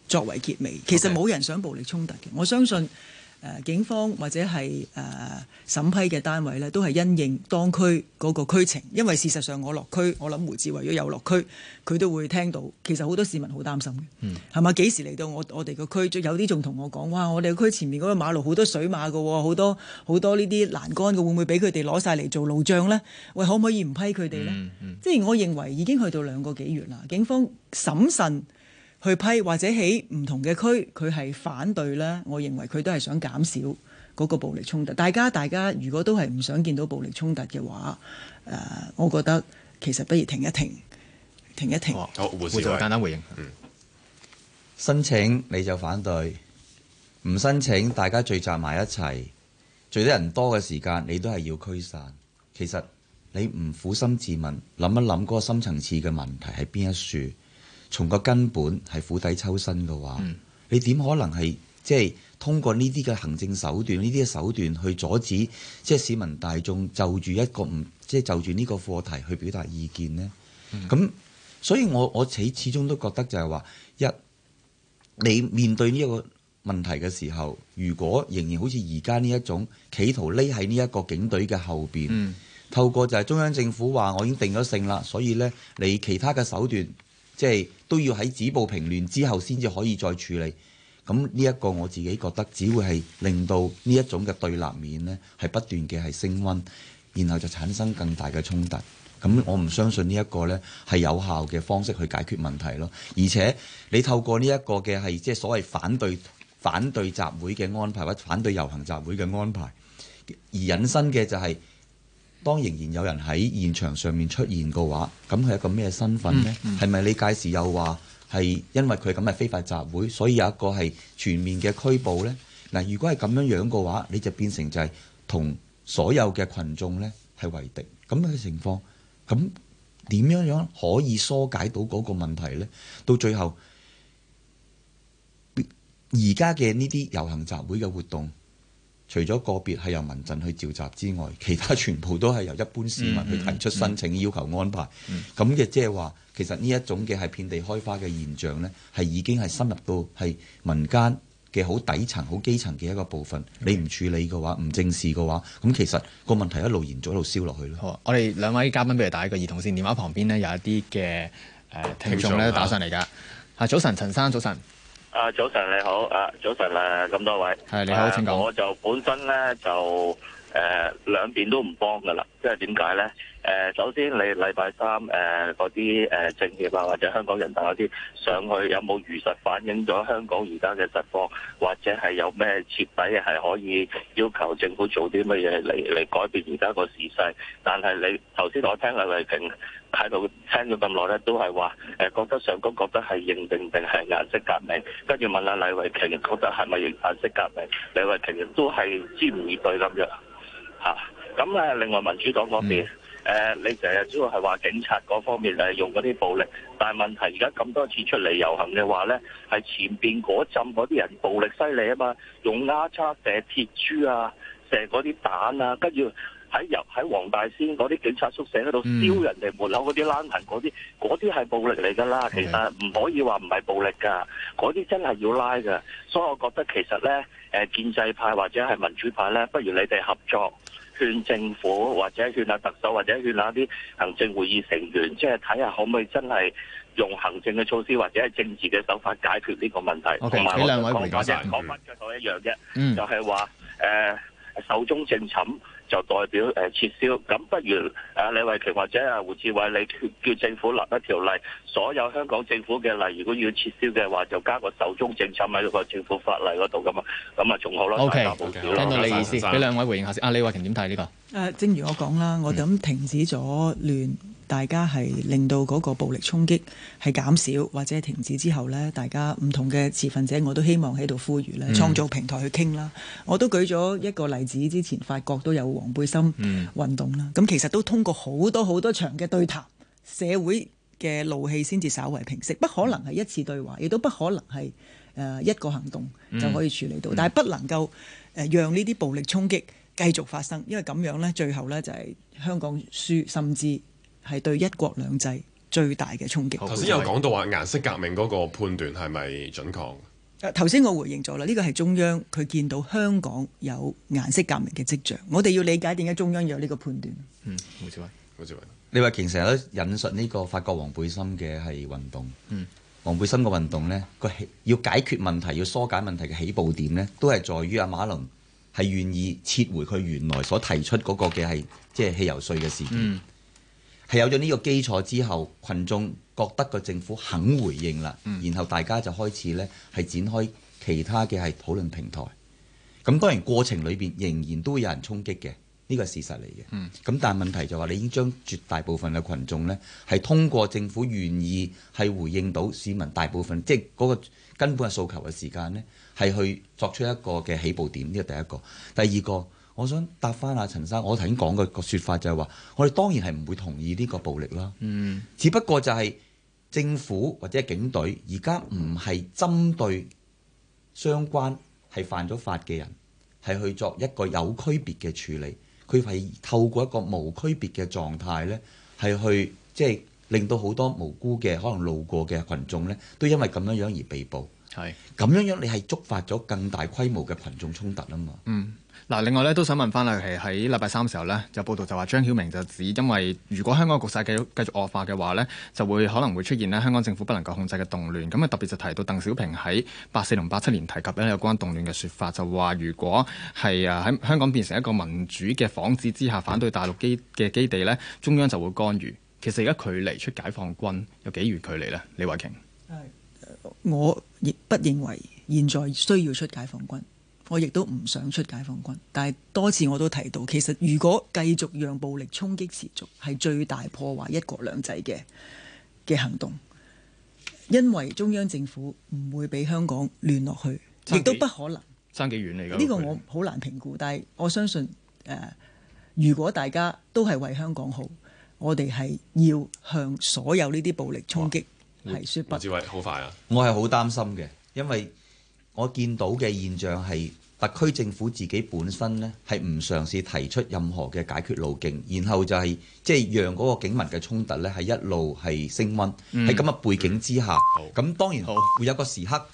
作為結尾。其實冇人想暴力衝突嘅，我相信。誒警方或者係誒、呃、審批嘅單位咧，都係因應當區嗰個區情，因為事實上我落區，我諗胡志偉如果有落區，佢都會聽到。其實好多市民好擔心嘅，係嘛、嗯？幾時嚟到我我哋個區？有啲仲同我講：哇！我哋個區前面嗰個馬路好多水馬嘅，好多好多呢啲欄杆嘅，會唔會俾佢哋攞晒嚟做路障咧？喂，可唔可以唔批佢哋咧？嗯嗯、即係我認為已經去到兩個幾月啦，警方審慎去批或者喺唔同嘅區，佢係反對咧。我認為佢都係想減少嗰個暴力衝突。大家大家如果都係唔想見到暴力衝突嘅話，誒、呃，我覺得其實不如停一停，停一停。好、啊，胡志偉簡單回應。嗯，申請你就反對，唔申請，大家聚集埋一齊，聚得人多嘅時間，你都係要驅散。其實你唔苦心自問，諗一諗嗰個深層次嘅問題係邊一處？從個根本係釜底抽薪嘅話，嗯、你點可能係即係通過呢啲嘅行政手段、呢啲嘅手段去阻止即係市民大眾就住一個唔即係就住呢個課題去表達意見呢？咁、嗯、所以我我始始終都覺得就係話一你面對呢一個問題嘅時候，如果仍然好似而家呢一種企圖匿喺呢一個警隊嘅後邊，嗯、透過就係中央政府話我已經定咗性啦，所以呢，你其他嘅手段。即係都要喺止暴制亂之後先至可以再處理，咁呢一個我自己覺得只會係令到呢一種嘅對立面呢係不斷嘅係升溫，然後就產生更大嘅衝突。咁我唔相信呢一個呢係有效嘅方式去解決問題咯。而且你透過呢一個嘅係即係所謂反對反對集會嘅安排或者反對遊行集會嘅安排，而引申嘅就係、是。當仍然有人喺現場上面出現嘅話，咁佢一個咩身份呢？係咪、mm hmm. 你屆時又話係因為佢咁嘅非法集會，所以有一個係全面嘅拘捕呢？嗱，如果係咁樣樣嘅話，你就變成就係同所有嘅群眾呢係為敵咁樣嘅情況，咁點樣樣可以疏解到嗰個問題呢？到最後，而家嘅呢啲遊行集會嘅活動。除咗個別係由民陣去召集之外，其他全部都係由一般市民去提出申請要求安排。咁嘅即係話，其實呢一種嘅係遍地開花嘅現象呢，係已經係深入到係民間嘅好底層、好基層嘅一個部分。嗯、你唔處理嘅話，唔正視嘅話，咁其實個問題一路延續一、一路燒落去咯。好，我哋兩位嘉賓，譬如打一個兒童線電話旁邊呢有一啲嘅誒聽眾咧打上嚟噶。啊，早晨，陳生，早晨。啊，早晨你好！啊，早晨 啊，咁多位係你好，請講。我就本身咧就誒，兩、呃、邊都唔幫噶啦。即係點解呢？誒，首先你禮拜三誒，嗰啲誒政協啊，或者香港人大嗰啲上去，有冇如實反映咗香港而家嘅實況，或者係有咩徹底係可以要求政府做啲乜嘢嚟嚟改變而家個時勢？但係你頭先我聽李慧瓊喺度聽咗咁耐呢，都係話誒覺得上高覺得係認定定係顏色革命，跟住問下李慧瓊，覺得係咪顏色革命？李慧瓊亦都係支吾以對咁樣嚇。啊咁咧，另外民主黨嗰邊，mm. 呃、你成日主要係話警察嗰方面誒用嗰啲暴力，但係問題而家咁多次出嚟遊行嘅話咧，係前邊嗰陣嗰啲人暴力犀利啊嘛，用丫叉、射鐵珠啊、射嗰啲彈啊，跟住喺入喺黃大仙嗰啲警察宿舍嗰度燒人哋門口嗰啲欄棚嗰啲，嗰啲係暴力嚟㗎啦，mm. 其實唔可以話唔係暴力㗎，嗰啲真係要拉㗎，所以我覺得其實咧，誒建制派或者係民主派咧，不如你哋合作。勸政府或者勸下特首或者勸下啲行政會議成員，即係睇下可唔可以真係用行政嘅措施或者係政治嘅手法解決呢個問題。同埋呢兩位唔該曬，講翻嘅都一樣啫，就係話誒壽終正寢。就代表誒撤銷，咁不如啊李慧瓊或者啊胡志偉，你叫政府立一條例，所有香港政府嘅例，如果要撤銷嘅話，就加個受中政策喺個政府法例嗰度咁啊，咁啊仲好啦，OK，okay. 聽到你意思，俾生兩位回應下先。啊李慧瓊點睇呢個？誒、啊，正如我講啦，嗯、我諗停止咗亂。大家係令到嗰個暴力衝擊係減少或者停止之後呢，大家唔同嘅持份者，我都希望喺度呼籲咧，嗯、創造平台去傾啦。我都舉咗一個例子，之前法國都有黃背心運動啦。咁、嗯、其實都通過好多好多場嘅對談，社會嘅怒氣先至稍為平息。不可能係一次對話，亦都不可能係誒一個行動就可以處理到。嗯嗯、但係不能夠誒讓呢啲暴力衝擊繼續發生，因為咁樣呢，最後呢就係香港輸，甚至，係對一國兩制最大嘅衝擊。頭先有講到話，顏色革命嗰個判斷係咪準確？誒，頭先我回應咗啦，呢個係中央佢見到香港有顏色革命嘅跡象。我哋要理解點解中央有呢個判斷。嗯，胡志偉，胡志偉，你話其實有引述呢個法國黃背心嘅係運動。嗯，黃背心嘅運動呢，個起要解決問題，要疏解問題嘅起步點呢，都係在於阿馬龍係願意撤回佢原來所提出嗰個嘅係即係汽油稅嘅事件。嗯係有咗呢個基礎之後，群眾覺得個政府肯回應啦，嗯、然後大家就開始呢係展開其他嘅係討論平台。咁當然過程裏邊仍然都會有人衝擊嘅，呢、個係事實嚟嘅。咁、嗯、但係問題就話、係、你已經將絕大部分嘅群眾呢係通過政府願意係回應到市民大部分，即係嗰個根本嘅訴求嘅時間呢，係去作出一個嘅起步點。呢個第一個，第二個。我想答翻阿陳生，我頭先講過個説法就係話，我哋當然係唔會同意呢個暴力啦。嗯，只不過就係政府或者警隊而家唔係針對相關係犯咗法嘅人，係去作一個有區別嘅處理。佢係透過一個無區別嘅狀態呢，係去即係、就是、令到好多無辜嘅可能路過嘅群眾呢，都因為咁樣樣而被捕。係咁是樣樣，你係觸發咗更大規模嘅群眾衝突啊嘛。嗯。嗱，另外咧都想問翻啦，係喺禮拜三嘅時候呢就報道就話張曉明就指，因為如果香港局勢繼續繼續惡化嘅話呢就會可能會出現咧香港政府不能夠控制嘅動亂。咁啊特別就提到鄧小平喺八四同八七年提及有關動亂嘅説法，就話如果係啊喺香港變成一個民主嘅幌子之下，反對大陸基嘅基地呢中央就會干預。其實而家距離出解放軍有幾遠距離呢？李慧瓊，我亦不認為現在需要出解放軍。我亦都唔想出解放軍，但係多次我都提到，其實如果繼續讓暴力衝擊持續，係最大破壞一國兩制嘅嘅行動，因為中央政府唔會俾香港亂落去，亦都不可能。生幾遠，呢個我好難評估，但係我相信，呃，如果大家都係為香港好，我哋係要向所有呢啲暴力衝擊。係哇，說不。胡志偉好快啊！我係好擔心嘅，因為。我見到嘅現象係，特區政府自己本身咧係唔嘗試提出任何嘅解決路徑，然後就係、係、即係讓嗰個警民嘅衝突咧係一路係升溫。喺咁嘅背景之下，咁、嗯嗯、當然好會有個時刻。